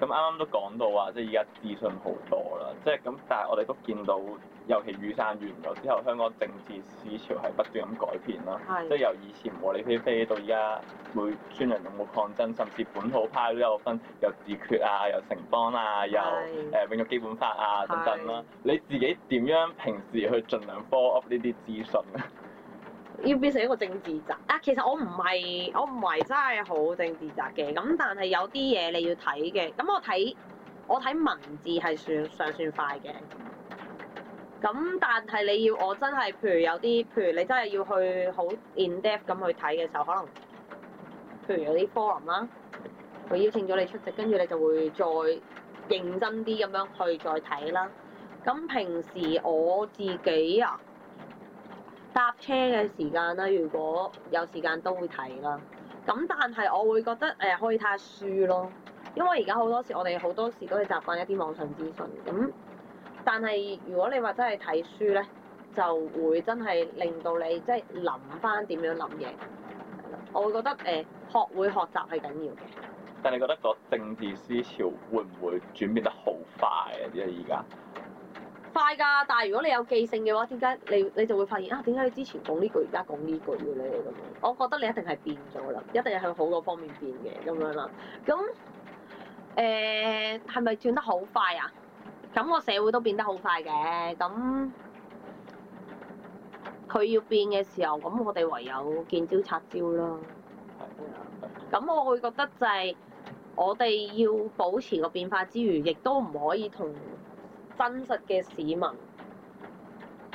咁啱啱都講到話，即係而家自信好多啦，即係咁，但係我哋都見到。尤其雨傘完咗之後，香港政治思潮係不斷咁改變啦，是即係由以前和理非非到依家，每專人有冇抗爭，甚至本土派都有分，有自決啊，有城邦啊，有誒是、呃、永續基本法啊等等啦，啊。是你自己點樣平時去盡量 follow up 呢啲資訊咧？要變成一個政治宅啊！其實我唔係，我唔係真係好政治宅嘅。咁但係有啲嘢你要睇嘅。咁我睇我睇文字係算上算快嘅。咁但係你要我真係，譬如有啲，譬如你真係要去好 in depth 咁去睇嘅時候，可能譬如有啲 forum 啦，佢邀請咗你出席，跟住你就會再認真啲咁樣去再睇啦。咁平時我自己啊搭車嘅時間啦，如果有時間都會睇啦。咁但係我會覺得誒，可以睇下書咯，因為而家好多時我哋好多時都係習慣一啲網上資訊咁。但係如果你話真係睇書咧，就會真係令到你即係諗翻點樣諗嘢。我會覺得誒、呃，學會學習係緊要嘅，但係你覺得個政治思潮會唔會轉變得好快啊？因為而家快㗎，但係如果你有記性嘅話，點解你你就會發現啊？點解你之前講呢句，而家講呢句嘅咧？咁我覺得你一定係變咗啦，一定係向好多方面變嘅咁樣啦。咁誒係咪轉得好快啊？咁個社會都變得好快嘅，咁佢要變嘅時候，咁我哋唯有見招拆招啦。咁我會覺得就係我哋要保持個變化之餘，亦都唔可以同真實嘅市民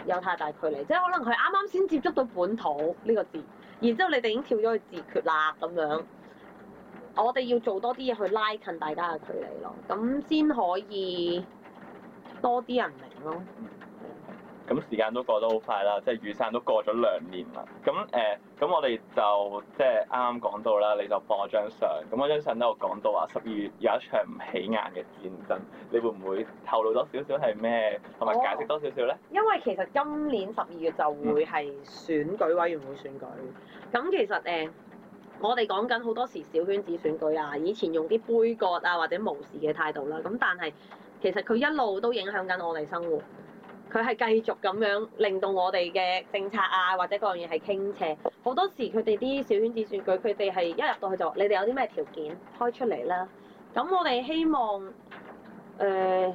有太大距離。即係可能佢啱啱先接觸到本土呢個字，然之後你哋已經跳咗去自決啦咁樣。我哋要做多啲嘢去拉近大家嘅距離咯，咁先可以。多啲人明咯。咁、嗯、時間都過得好快啦，即係雨傘都過咗兩年啦。咁誒，咁、呃、我哋就即係啱啱講到啦，你就放咗張相。咁嗰張相都有講到話十二月有一場唔起眼嘅戰爭，你會唔會透露多少少係咩，同埋解釋多少少咧？因為其實今年十二月就會係選舉委員會選舉。咁、嗯、其實誒、呃，我哋講緊好多時小圈子選舉啊，以前用啲杯葛啊或者無視嘅態度啦、啊。咁但係其實佢一路都影響緊我哋生活，佢係繼續咁樣令到我哋嘅政策啊，或者各樣嘢係傾斜。好多時佢哋啲小圈子選舉，佢哋係一入到去就話，你哋有啲咩條件開出嚟啦？咁我哋希望誒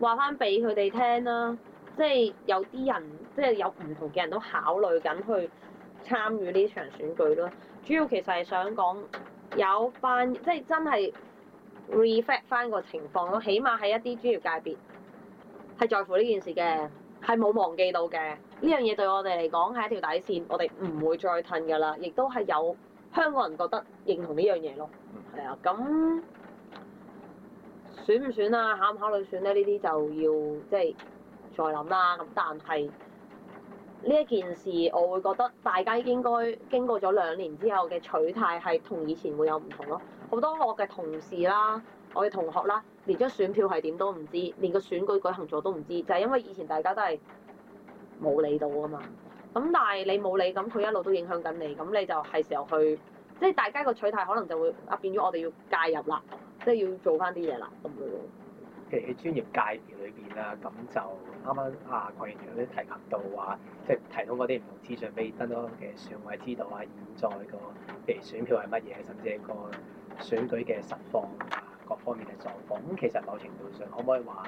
話翻俾佢哋聽啦，即、呃、係、即係、有啲人即係、即係、有唔同嘅人都考慮緊去參與呢場選舉咯。主要其實係想講有班即係、即係、真係，reflect 翻個情況咯，起碼係一啲專業界別係在乎呢件事嘅，係冇忘記到嘅。呢樣嘢對我哋嚟講係一條底線，我哋唔會再褪㗎啦，亦都係有香港人覺得認同呢樣嘢咯。係啊，咁選唔選啊，考唔考慮選咧、啊？呢啲就要即係、即係、再諗啦。咁但係呢一件事，我會覺得大家應該經過咗兩年之後嘅取態，係同以前會有唔同咯。好多我嘅同事啦，我嘅同學啦，連張選票係點都唔知，連個選舉舉行咗都唔知，就係、是、因為以前大家都係冇理到啊嘛。咁但係你冇理，咁佢一路都影響緊你，咁你就係時候去，即係大家個取態可能就會啊變咗我哋要介入啦，即係要做翻啲嘢啦咁嘅，譬如喺專業界別裏邊啊，咁就啱啱阿季賢長都提及到話，即、就、係、是、提到嗰啲唔同資訊俾更多嘅選委知道啊，現在個譬如選票係乜嘢，甚至係個。選舉嘅實況各方面嘅狀況咁，其實某程度上可唔可以話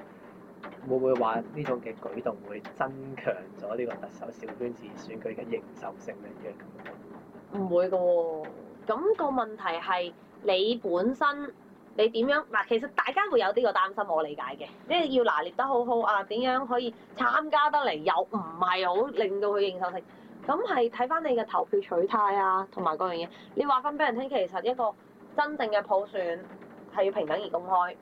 會唔會話呢種嘅舉動會增強咗呢個特首小圈子選舉嘅認受性咧？一樣唔會㗎喎，咁個問題係你本身你點樣嗱？其實大家會有呢個擔心，我理解嘅，即係要拿捏得好好啊，點樣可以參加得嚟又唔係好令到佢認受性？咁係睇翻你嘅投票取態啊，同埋各樣嘢，你話翻俾人聽，其實一個。真正嘅普選係要平等而公開，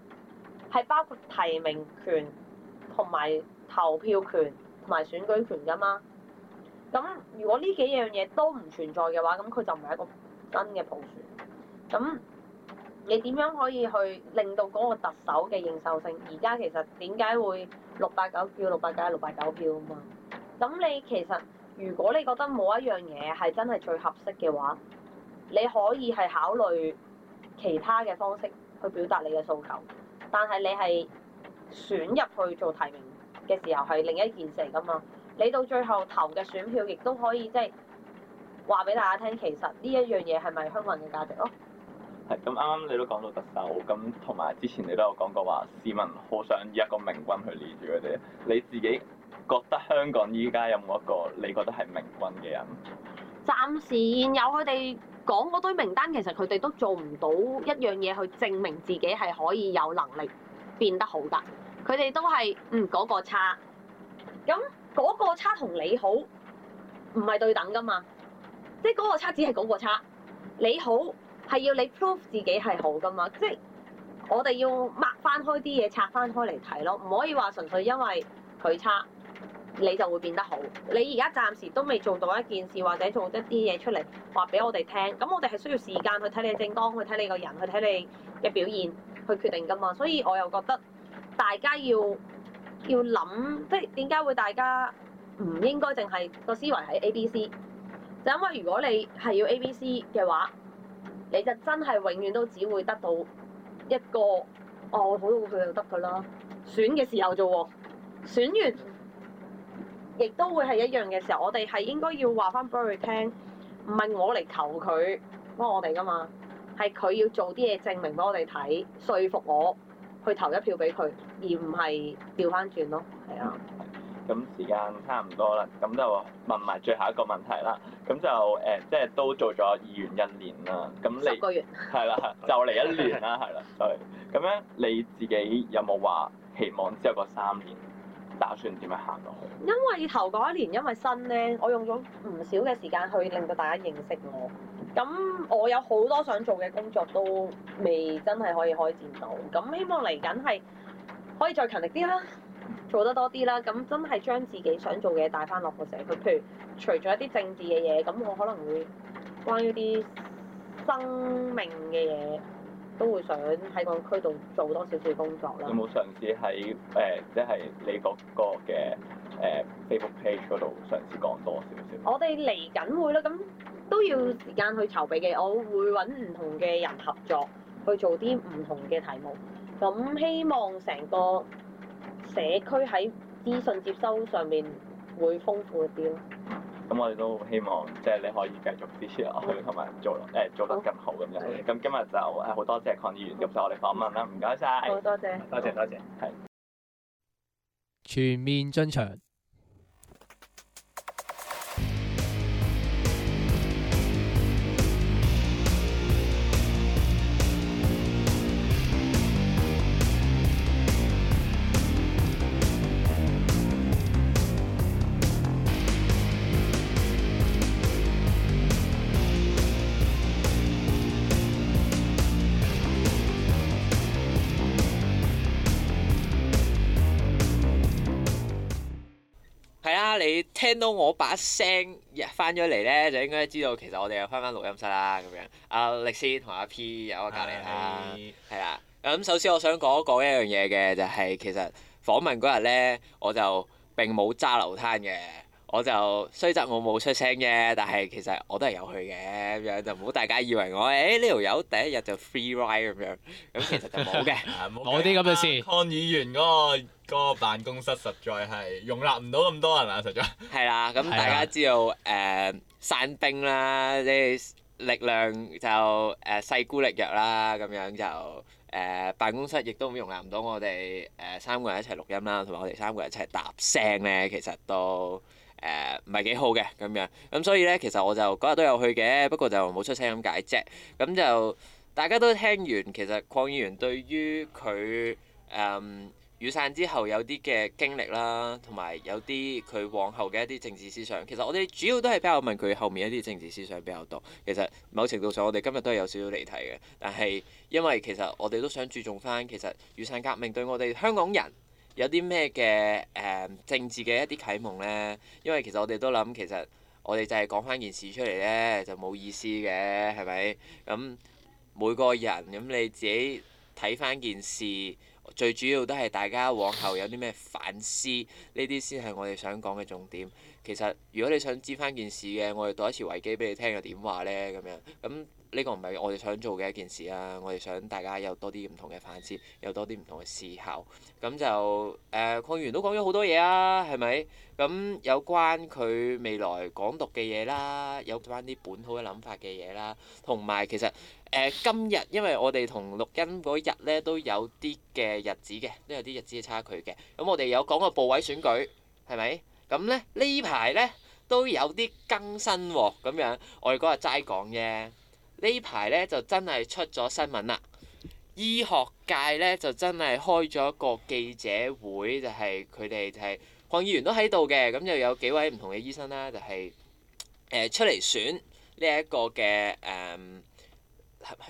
係包括提名權同埋投票權同埋選舉權㗎嘛。咁如果呢幾樣嘢都唔存在嘅話，咁佢就唔係一個真嘅普選。咁你點樣可以去令到嗰個特首嘅認受性？而家其實點解會六八九票六八九、六八九票啊嘛？咁你其實如果你覺得冇一樣嘢係真係最合適嘅話，你可以係考慮。其他嘅方式去表達你嘅訴求，但係你係選入去做提名嘅時候係另一件事嚟噶嘛？你到最後投嘅選票亦都可以即係話俾大家聽，其實呢一樣嘢係咪香港嘅價值咯？係咁，啱啱你都講到特首咁，同埋之前你都有講過話，市民好想以一個明君去領住佢哋。你自己覺得香港依家有冇一個你覺得係明君嘅人？暫時現有佢哋講嗰堆名單，其實佢哋都做唔到一樣嘢去證明自己係可以有能力變得好噶。佢哋都係嗯嗰個差，咁嗰個差同你好唔係對等噶嘛？即係嗰個差只係嗰個差，你好係要你 prove 自己係好噶嘛？即係我哋要擘翻開啲嘢，拆翻開嚟睇咯，唔可以話純粹因為佢差。你就會變得好。你而家暫時都未做到一件事，或者做一啲嘢出嚟話俾我哋聽。咁我哋係需要時間去睇你政綱，去睇你個人，去睇你嘅表現去決定噶嘛。所以我又覺得大家要要諗，即係點解會大家唔應該淨係個思維喺 A、B、C。就因為如果你係要 A、B、C 嘅話，你就真係永遠都只會得到一個哦，好多好佢就得噶啦。選嘅時候啫喎，選完。亦都會係一樣嘅時候，我哋係應該要話翻俾佢聽，唔係我嚟求佢幫我哋噶嘛，係佢要做啲嘢證明俾我哋睇，說服我去投一票俾佢，而唔係調翻轉咯，係啊。咁、嗯、時間差唔多啦，咁就問埋最後一個問題啦。咁就誒，即係都做咗議員一年啦。咁你九個月。係啦，就嚟一年啦，係啦， 對。咁咧，你自己有冇話期望之後個三年？打算點樣行落去？因為頭嗰一年因為新咧，我用咗唔少嘅時間去令到大家認識我。咁我有好多想做嘅工作都未真係可以開展到。咁希望嚟緊係可以再勤力啲啦，做得多啲啦。咁真係將自己想做嘅嘢帶翻落個社會。譬如除咗一啲政治嘅嘢，咁我可能會關於啲生命嘅嘢。都會想喺個區度做多少少工作啦。有冇嘗試喺誒，即、呃、係、就是、你個個嘅誒、呃、Facebook page 嗰度嘗試講多少少？我哋嚟緊會啦，咁都要時間去籌備嘅。我會揾唔同嘅人合作去做啲唔同嘅題目，咁希望成個社區喺資訊接收上面會豐富一啲咯。咁我哋都希望，即係你可以繼續支持我哋，同埋做誒做得更好咁樣。咁今日就誒好多謝鄺議員，接受我哋訪問啦，唔該晒。好多謝，多謝多謝，係。全面進場。你聽到我把聲入翻咗嚟咧，就應該知道其實我哋又翻返錄音室啦，咁樣。阿力先同阿 P 喺我隔離啦，係啦的。咁首先我想講一講一樣嘢嘅，就係其實訪問嗰日咧，我就並冇揸流攤嘅。我就雖則我冇出聲啫，但係其實我都係有去嘅，咁樣就唔好大家以為我誒呢條友第一日就 free ride 咁樣。咁其實就冇嘅，冇啲咁嘅事。抗議完嗰個，嗰個辦公室實在係容納唔到咁多人啊！實在係啦、 啊，咁大家知道誒散、呃、兵啦，即係力量就誒勢孤力弱啦，咁樣就誒、呃、辦公室亦都容納唔到我哋誒、呃、三個人一齊錄音啦，同埋我哋三個人一齊搭聲咧，其實都誒唔係幾好嘅咁樣。咁所以咧，其實我就嗰日都有去嘅，不過就冇出聲咁解啫。咁就大家都聽完，其實鄺議員對於佢誒，嗯雨傘之後有啲嘅經歷啦，同埋有啲佢往後嘅一啲政治思想。其實我哋主要都係比較問佢後面一啲政治思想比較多。其實某程度上，我哋今日都係有少少離題嘅。但係因為其實我哋都想注重翻，其實雨傘革命對我哋香港人有啲咩嘅誒政治嘅一啲啟蒙咧。因為其實我哋都諗，其實我哋就係講翻件事出嚟咧，就冇意思嘅，係咪？咁每個人咁你自己睇翻件事。最主要都係大家往後有啲咩反思，呢啲先係我哋想講嘅重點。其實如果你想知翻件事嘅，我哋讀一次維基俾你聽又點話呢。咁樣咁呢、嗯這個唔係我哋想做嘅一件事啊！我哋想大家有多啲唔同嘅反思，有多啲唔同嘅思考。咁、嗯、就誒，抗、呃、原都講咗好多嘢啊，係咪？咁、嗯、有關佢未來港獨嘅嘢啦，有關啲本土嘅諗法嘅嘢啦，同埋其實。誒、呃、今日因為我哋同錄音嗰日咧都有啲嘅日子嘅，都有啲日子嘅差距嘅。咁我哋有講過部位選舉係咪？咁咧呢排咧都有啲更新喎、哦，咁樣我哋嗰日齋講啫。呢排咧就真係出咗新聞啦，醫學界咧就真係開咗一個記者會，就係佢哋就係、是、國議員都喺度嘅，咁就有幾位唔同嘅醫生啦，就係、是、誒、呃、出嚟選呢一個嘅誒。嗯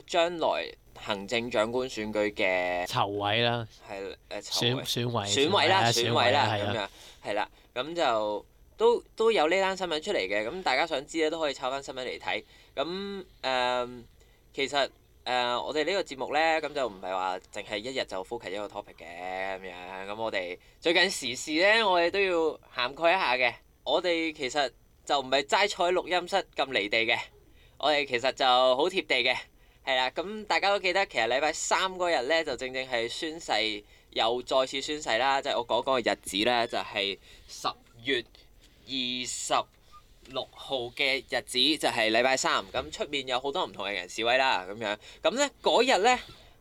將來行政長官選舉嘅選委啦，係誒選委選委委，選委啦，選委啦咁樣，係啦，咁就都都有呢單新聞出嚟嘅，咁大家想知咧都可以抄返新聞嚟睇。咁誒、嗯，其實誒、呃、我哋呢個節目咧，咁就唔係話淨係一日就 focus 一個 topic 嘅咁樣。咁我哋最近時事咧，我哋都要涵蓋一下嘅。我哋其實就唔係齋坐喺錄音室咁離地嘅，我哋其實就好貼地嘅。係啦，咁大家都記得，其實禮拜三嗰日咧，就正正係宣誓，又再次宣誓啦，即係我講個日子咧，就係十月二十六號嘅日子，就係禮拜三。咁出面有好多唔同嘅人示威啦，咁樣。咁咧嗰日咧，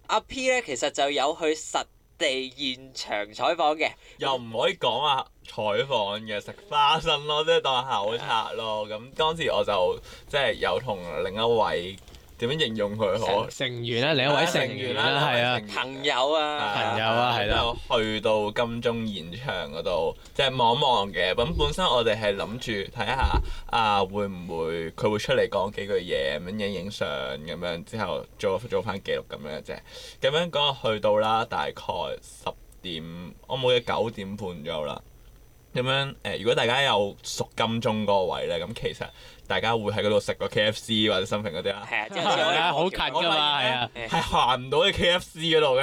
阿 P 咧其實就有去實地現場採訪嘅，又唔可以講啊，採訪嘅食花生咯，即係當考察咯。咁的當時我就即係有同另一位。點樣形容佢好？成員咧，另一位成員啦，係啊，朋友啊，朋友啊，係咯。去到金鐘現場嗰度，即係望望嘅。咁本身我哋係諗住睇下啊，會唔會佢會出嚟講幾句嘢，咁樣影影相，咁樣之後做做翻記錄咁樣啫。咁樣嗰個去到啦，大概十點，我冇記九點半咗啦。咁樣誒，如果大家有熟金鐘嗰個位咧，咁其實～大家會喺嗰度食個 KFC 或者新平嗰啲啦，係啊，即係好近噶嘛，係啊在，係行唔到去 KFC 嗰度噶。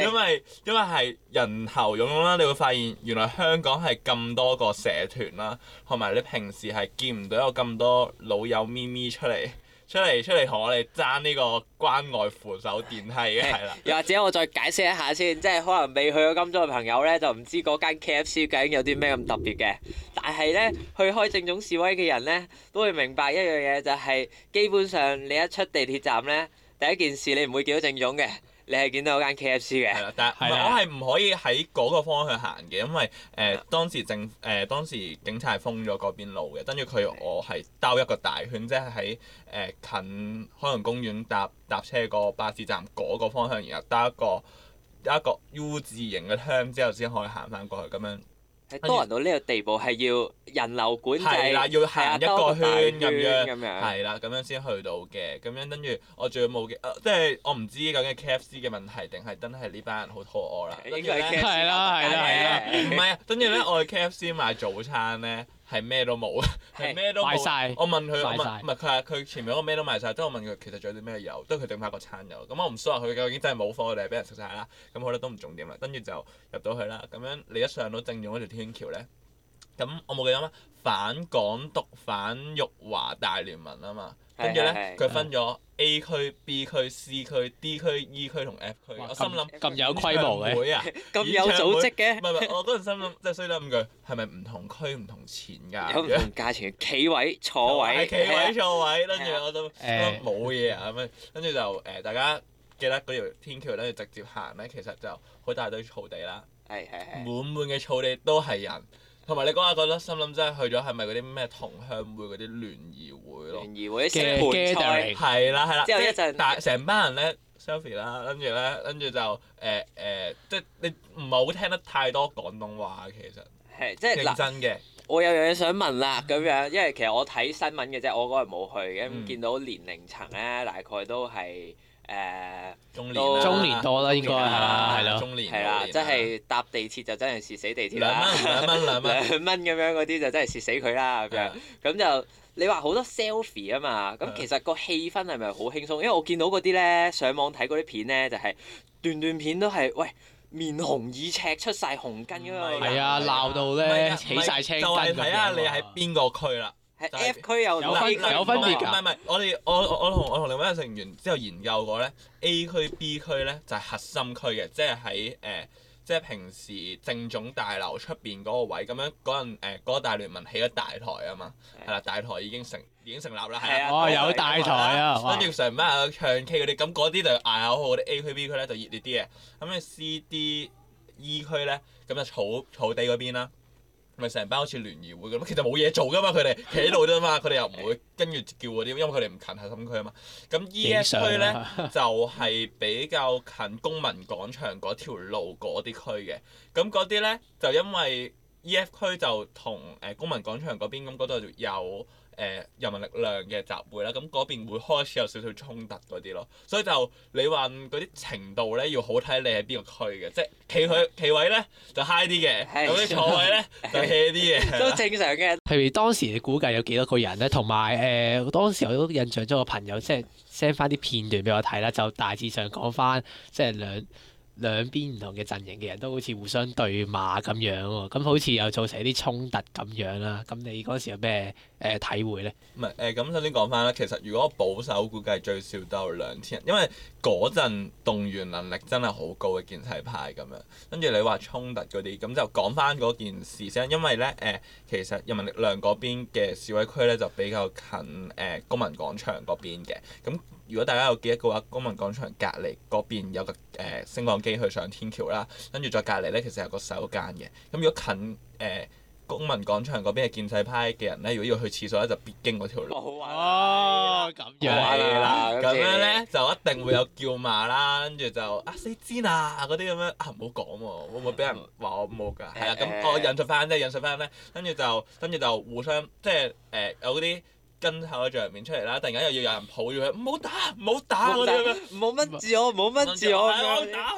因為因為係人頭湧湧啦，你會發現原來香港係咁多個社團啦，同埋你平時係見唔到有咁多老友咪咪出嚟。出嚟出嚟同我哋爭呢個關外扶手電梯嘅係啦。又或者我再解釋一下先，即係可能未去過金鐘嘅朋友咧，就唔知嗰間 KFC 究竟有啲咩咁特別嘅。但係咧，去開政總示威嘅人咧，都會明白一樣嘢，就係基本上你一出地鐵站咧，第一件事你唔會見到政總嘅。你係見到嗰間 KFC 嘅，但係，係啦，我係唔可以喺嗰個方向行嘅，因為誒、呃、當時政誒、呃、當時警察係封咗嗰邊路嘅，跟住佢我係兜一個大圈，即係喺誒近海洋公園搭搭車嗰個巴士站嗰個方向，然後兜一個兜一個 U 字型嘅圈之後先可以行翻過去咁樣。係多人到呢個地步，係要人流管制，要行一個圈大圈咁樣，係啦，咁樣先去到嘅。咁樣跟住我仲要冇嘅，即、呃、係、即係、我唔知究竟係 KFC 嘅問題，定係真係呢班人好肚餓啦？跟住係咯，係啊，係啊，唔係啊，跟住咧，我去 KFC 買早餐咧。係咩都冇啊！係咩都冇。我問佢，唔係，佢係佢前面嗰個咩都賣曬。即係我問佢，其實仲有啲咩油？都係佢頂翻個餐油。咁我唔 show，佢究竟真係冇貨定係俾人食曬啦。咁好啦，都唔重點啦。跟住就入到去啦。咁樣你一上到正中嗰條天橋咧，咁我冇記得咩？反港獨反辱華大聯盟啊嘛！跟住咧，佢分咗 A 區、B 區、C 區、D 區、E 區同 F 區。我心諗咁有規模嘅會啊，咁有組織嘅。唔係唔係，我嗰陣心諗，即係衰得咁，句，係咪唔同區唔同錢㗎？有唔同價錢。企位、坐位。企位、坐位，跟住我就冇嘢啊咁啊。跟住就誒，大家記得嗰條天橋咧要直接行咧，其實就好大堆草地啦。係係滿滿嘅草地都係人。同埋你嗰日覺得心諗真係去咗係咪嗰啲咩同鄉會嗰啲聯誼會咯？聯誼會啲食盆菜，係啦係啦，之後 一陣大成班人咧 selfie 啦，跟住咧跟住就誒誒，即、呃、係、呃、你唔係好聽得太多廣東話其實係即係認真嘅。我有樣嘢想問啦咁樣，因為其實我睇新聞嘅啫，我嗰日冇去咁見到年齡層咧、啊，嗯、大概都係。誒，中年多啦，應該係啦，係咯，係啦，真係搭地鐵就真係蝕死地鐵啦，兩蚊兩蚊兩蚊咁樣嗰啲就真係蝕死佢啦咁樣，咁就你話好多 selfie 啊嘛，咁其實個氣氛係咪好輕鬆？因為我見到嗰啲咧，上網睇嗰啲片咧，就係段段片都係喂，面紅耳赤出晒紅筋嗰個，係啊，鬧到咧起晒青筋咁，睇下你喺邊個區啦。F 區有有分有分別㗎，唔係唔係，我哋我我同我同另外一個成員之後研究過咧，A 區 B 區咧就係核心區嘅，即係喺誒，即、呃、係、即係、平時政總大樓出邊嗰個位，咁樣嗰陣誒嗰個大聯盟起咗大台啊嘛，係啦，大台已經成已經成立啦，係啊，有大台啊，跟住成班去唱 K 嗰啲，咁嗰啲就嗌口號，啲 A 區 B 區咧就熱烈啲嘅，咁啊 C D E 區咧，咁就草、嗰個、草地嗰邊啦。咪成班好似聯誼會咁，其實冇嘢做噶嘛，佢哋企喺度啫嘛，佢哋又唔會跟住叫嗰啲，因為佢哋唔近核心區啊嘛。咁 E F 區咧就係比較近公民廣場嗰條路嗰啲區嘅，咁嗰啲咧就因為 E F 區就同誒公民廣場嗰邊咁嗰度有，誒人民力量嘅集會啦，咁嗰邊會開始有少少衝突嗰啲咯，所以就你話嗰啲程度咧，要好睇你喺邊個區嘅，即係企佢企位咧就 high 啲嘅，咁啲 坐位咧 就 hea 啲嘅， 都正常嘅。譬如當時你估計有幾多個人咧？同埋誒，當時我都印象咗個朋友即係 send 翻啲片段俾我睇啦，就大致上講翻，即係兩兩邊唔同嘅陣營嘅人都好似互相對罵咁樣喎，咁好似又造成一啲衝突咁樣啦。咁你嗰時有咩？誒、呃、體會咧，唔係誒咁首先講翻啦。其實如果保守估計，最少都有兩千人，因為嗰陣動員能力真係好高嘅建制派咁樣。跟住你話衝突嗰啲，咁就講翻嗰件事先。因為咧誒、呃，其實人民力量嗰邊嘅示威區咧就比較近誒、呃、公民廣場嗰邊嘅。咁如果大家有記得嘅話，公民廣場隔離嗰邊有個誒、呃、升降機去上天橋啦。跟住再隔離咧，其實有個洗手間嘅。咁如果近誒、呃公民廣場嗰邊係建制派嘅人咧，如果要去廁所咧，就必經嗰條路。哦，咁、哦、樣。冇啦了。咁樣咧 就一定會有叫罵啦，跟住就 啊死尖啊嗰啲咁樣啊唔好講喎，會唔會俾人話我冇㗎？係 啊，咁我引述翻咧，引述翻咧，跟住就跟住就互相即係誒、呃、有嗰啲。跟後嗰帳面出嚟啦，突然間又要有人抱住佢，唔好打唔好打，唔好掹住我唔好掹住我，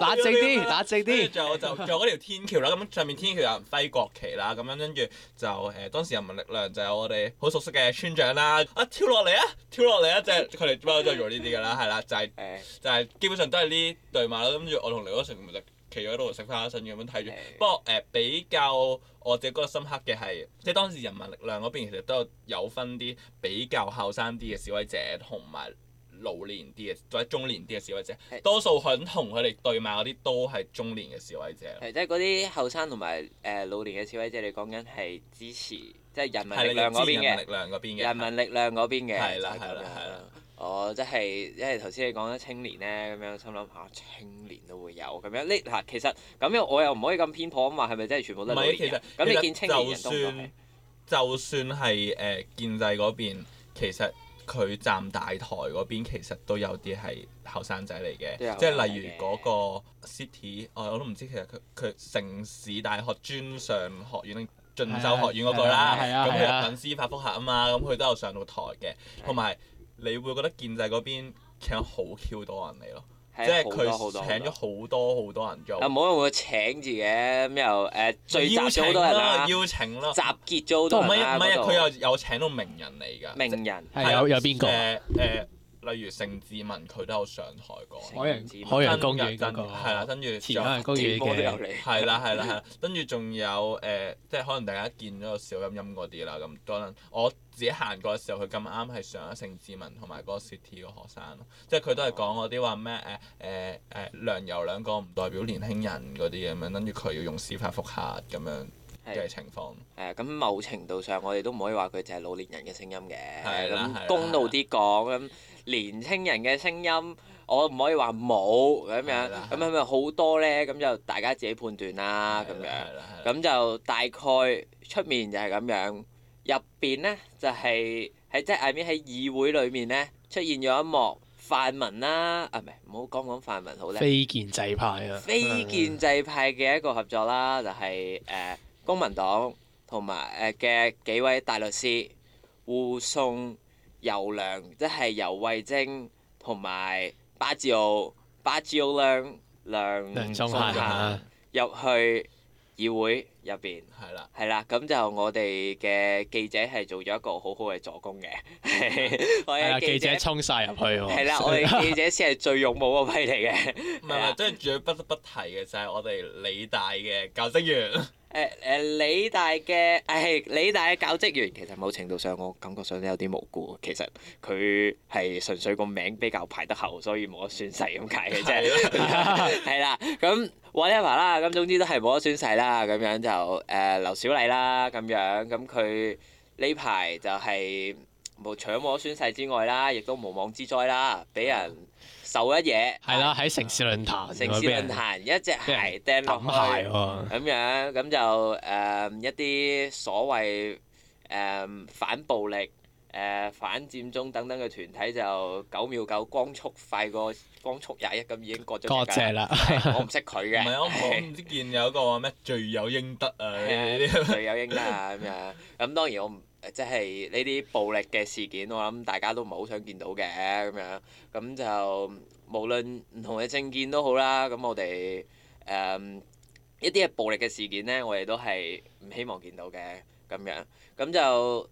打正啲打正啲。仲有就就就嗰條天橋啦，咁上面天橋有人揮國旗啦，咁樣跟住就誒當時人民力量就有我哋好熟悉嘅村長啦，啊跳落嚟啊跳落嚟啊，即係。佢哋不嬲就係做呢啲㗎啦，係啦就係。就係、是就是、基本上都係呢隊馬啦，跟住我同另外一隊就企喺度食花生咁樣睇住， 不過誒、呃、比較。我自己覺得深刻嘅係，即係當時人民力量嗰邊其實都有分啲比較後生啲嘅示威者，同埋老年啲嘅或者中年啲嘅示威者。係。多數肯同佢哋對罵嗰啲都係中年嘅示威者。係，即係嗰啲後生同埋誒老年嘅示威者，你講緊係支持，即係人民力量嗰邊嘅。人民力量嗰邊嘅。人民力量嗰邊嘅。係啦，係啦，係啦。哦，即係，因為頭先你講咗青年咧，咁樣心諗下、啊，青年都會有咁樣呢嗱。其實咁樣我又唔可以咁偏頗啊嘛，係咪真係全部都係青年？咁你見青年其，就算就算係誒、呃、建制嗰邊，其實佢站大台嗰邊，其實都有啲係後生仔嚟嘅，即係例如嗰個 City，哦、我我都唔知其實佢佢城市大學專上學院進修學院嗰個啦，咁佢入緊司法覆核啊嘛，咁佢都有上到台嘅，同埋有。的你會覺得建制嗰邊請好 Q 多人嚟咯，是即係佢請咗好多好多,多人做。唔好用請字嘅，咁又誒聚集咗好多人啦、啊，邀請咯，集結咗好多人啦、啊。唔係唔係，佢又裡有,有請到名人嚟㗎。名人係有有邊個？誒誒、呃。呃呃例如盛智文佢都有上台過，海洋公園嗰個係啦，跟住前海洋公園係啦係啦係啦， 跟住仲有誒、呃，即係可能大家見到少陰陰嗰啲啦咁，可能我自己行過嘅時候，佢咁啱係上咗盛智文同埋嗰個 City 嘅學生咯，即係佢都係講嗰啲話咩誒誒誒梁游兩個唔代表年輕人嗰啲咁樣，跟住佢要用司法覆核咁樣嘅的情況。誒咁某程度上，我哋都唔可以話佢就係老年人嘅聲音嘅，咁公道啲講咁。年青人嘅聲音，我唔可以話冇咁樣，咁係咪好多咧？咁就大家自己判斷啦。咁的樣，咁的就大概出面就係咁樣，入邊咧就係喺即係喺議會裏面咧出現咗一幕泛民啦、啊，啊唔係唔好講講泛民好咧。非建制派啊。非建制派嘅一個合作啦，的就係、是、誒、呃、公民黨同埋誒嘅幾位大律師護送游梁即係游蕙禎同埋巴治奧，巴治奧梁、梁衝下入去議會入邊，係啦，係啦，咁就我哋嘅記者係做咗一個好好嘅助攻嘅，我哋記者衝曬入去，係啦我哋記者先係最勇武嗰批嚟嘅。唔係唔係，真係仲要不得不提嘅就係我哋理大嘅教職員。誒誒，理、呃、大嘅誒，理、哎、大嘅教職員，其實某程度上我感覺上都有啲無辜。其實佢係純粹個名比較排得後，所以冇得宣誓咁解嘅啫。係啦、 嗯，咁 whatever 啦，咁總之都係冇得宣誓啦。咁、嗯、樣就誒、呃，劉小麗啦，咁樣咁佢呢排就係、是。部搶我宣誓之外啦，亦都無妄之災啦，俾人受一嘢。係啦、嗯，喺對 城，城市論壇。城市論壇一隻鞋掟落去。咁鞋喎、啊。咁樣咁就誒、嗯、一啲所謂誒、嗯、反暴力誒、呃、反佔中等等嘅團體就九秒九光，光速快過光速廿一咁已經過咗。謝啦，我唔識佢嘅。唔、 啊、我唔知見有個咩罪有應得啊！罪、 啊、有應得啊咁樣。咁、 啊、當然我唔。即係呢啲暴力嘅事件，我諗大家都唔係好想見到嘅咁樣，咁就無論唔同嘅政見都好啦，咁我哋誒、嗯、一啲嘅暴力嘅事件呢，我哋都係唔希望見到嘅咁樣，咁就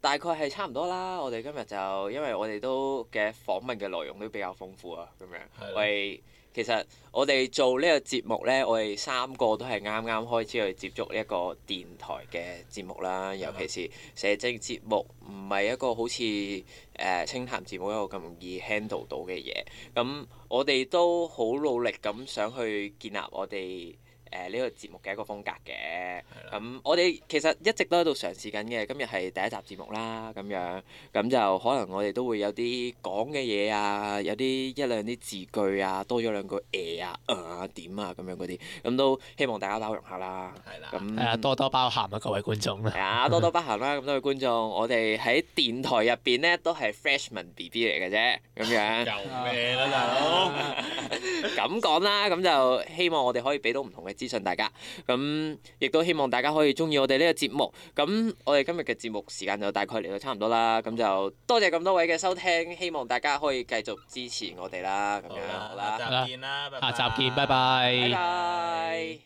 大概係差唔多啦。我哋今日就因為我哋都嘅訪問嘅內容都比較豐富啊，咁樣為。我其實我哋做個節呢個節目咧，我哋三個都係啱啱開始去接觸呢一個電台嘅節目啦，尤其是社政節目，唔係一個好似誒、呃、清談節目一個咁容易 handle 到嘅嘢。咁我哋都好努力咁想去建立我哋。誒呢個節目嘅一個風格嘅，咁的、嗯、我哋其實一直都喺度嘗試緊嘅。今日係第一集節目啦，咁樣咁就可能我哋都會有啲講嘅嘢啊，有啲一兩啲字句啊，多咗兩句誒啊啊點啊咁樣嗰啲，咁、嗯、都希望大家包容下啦。係啦的，係啊、嗯嗯，多多包涵啊， 各位觀眾啦。係啊，多多包涵啦，咁多位觀眾，我哋喺電台入邊咧都係 freshman BB 嚟嘅啫，咁樣。有咩啦咁講啦，咁 就希望我哋可以俾到唔同嘅。資訊大家，咁亦都希望大家可以中意我哋呢個節目。咁我哋今日嘅節目時間就大概嚟到差唔多啦。咁就多謝咁多位嘅收聽，希望大家可以繼續支持我哋啦。咁樣好啦的，下集見啦，拜拜，下集見，拜拜，拜拜。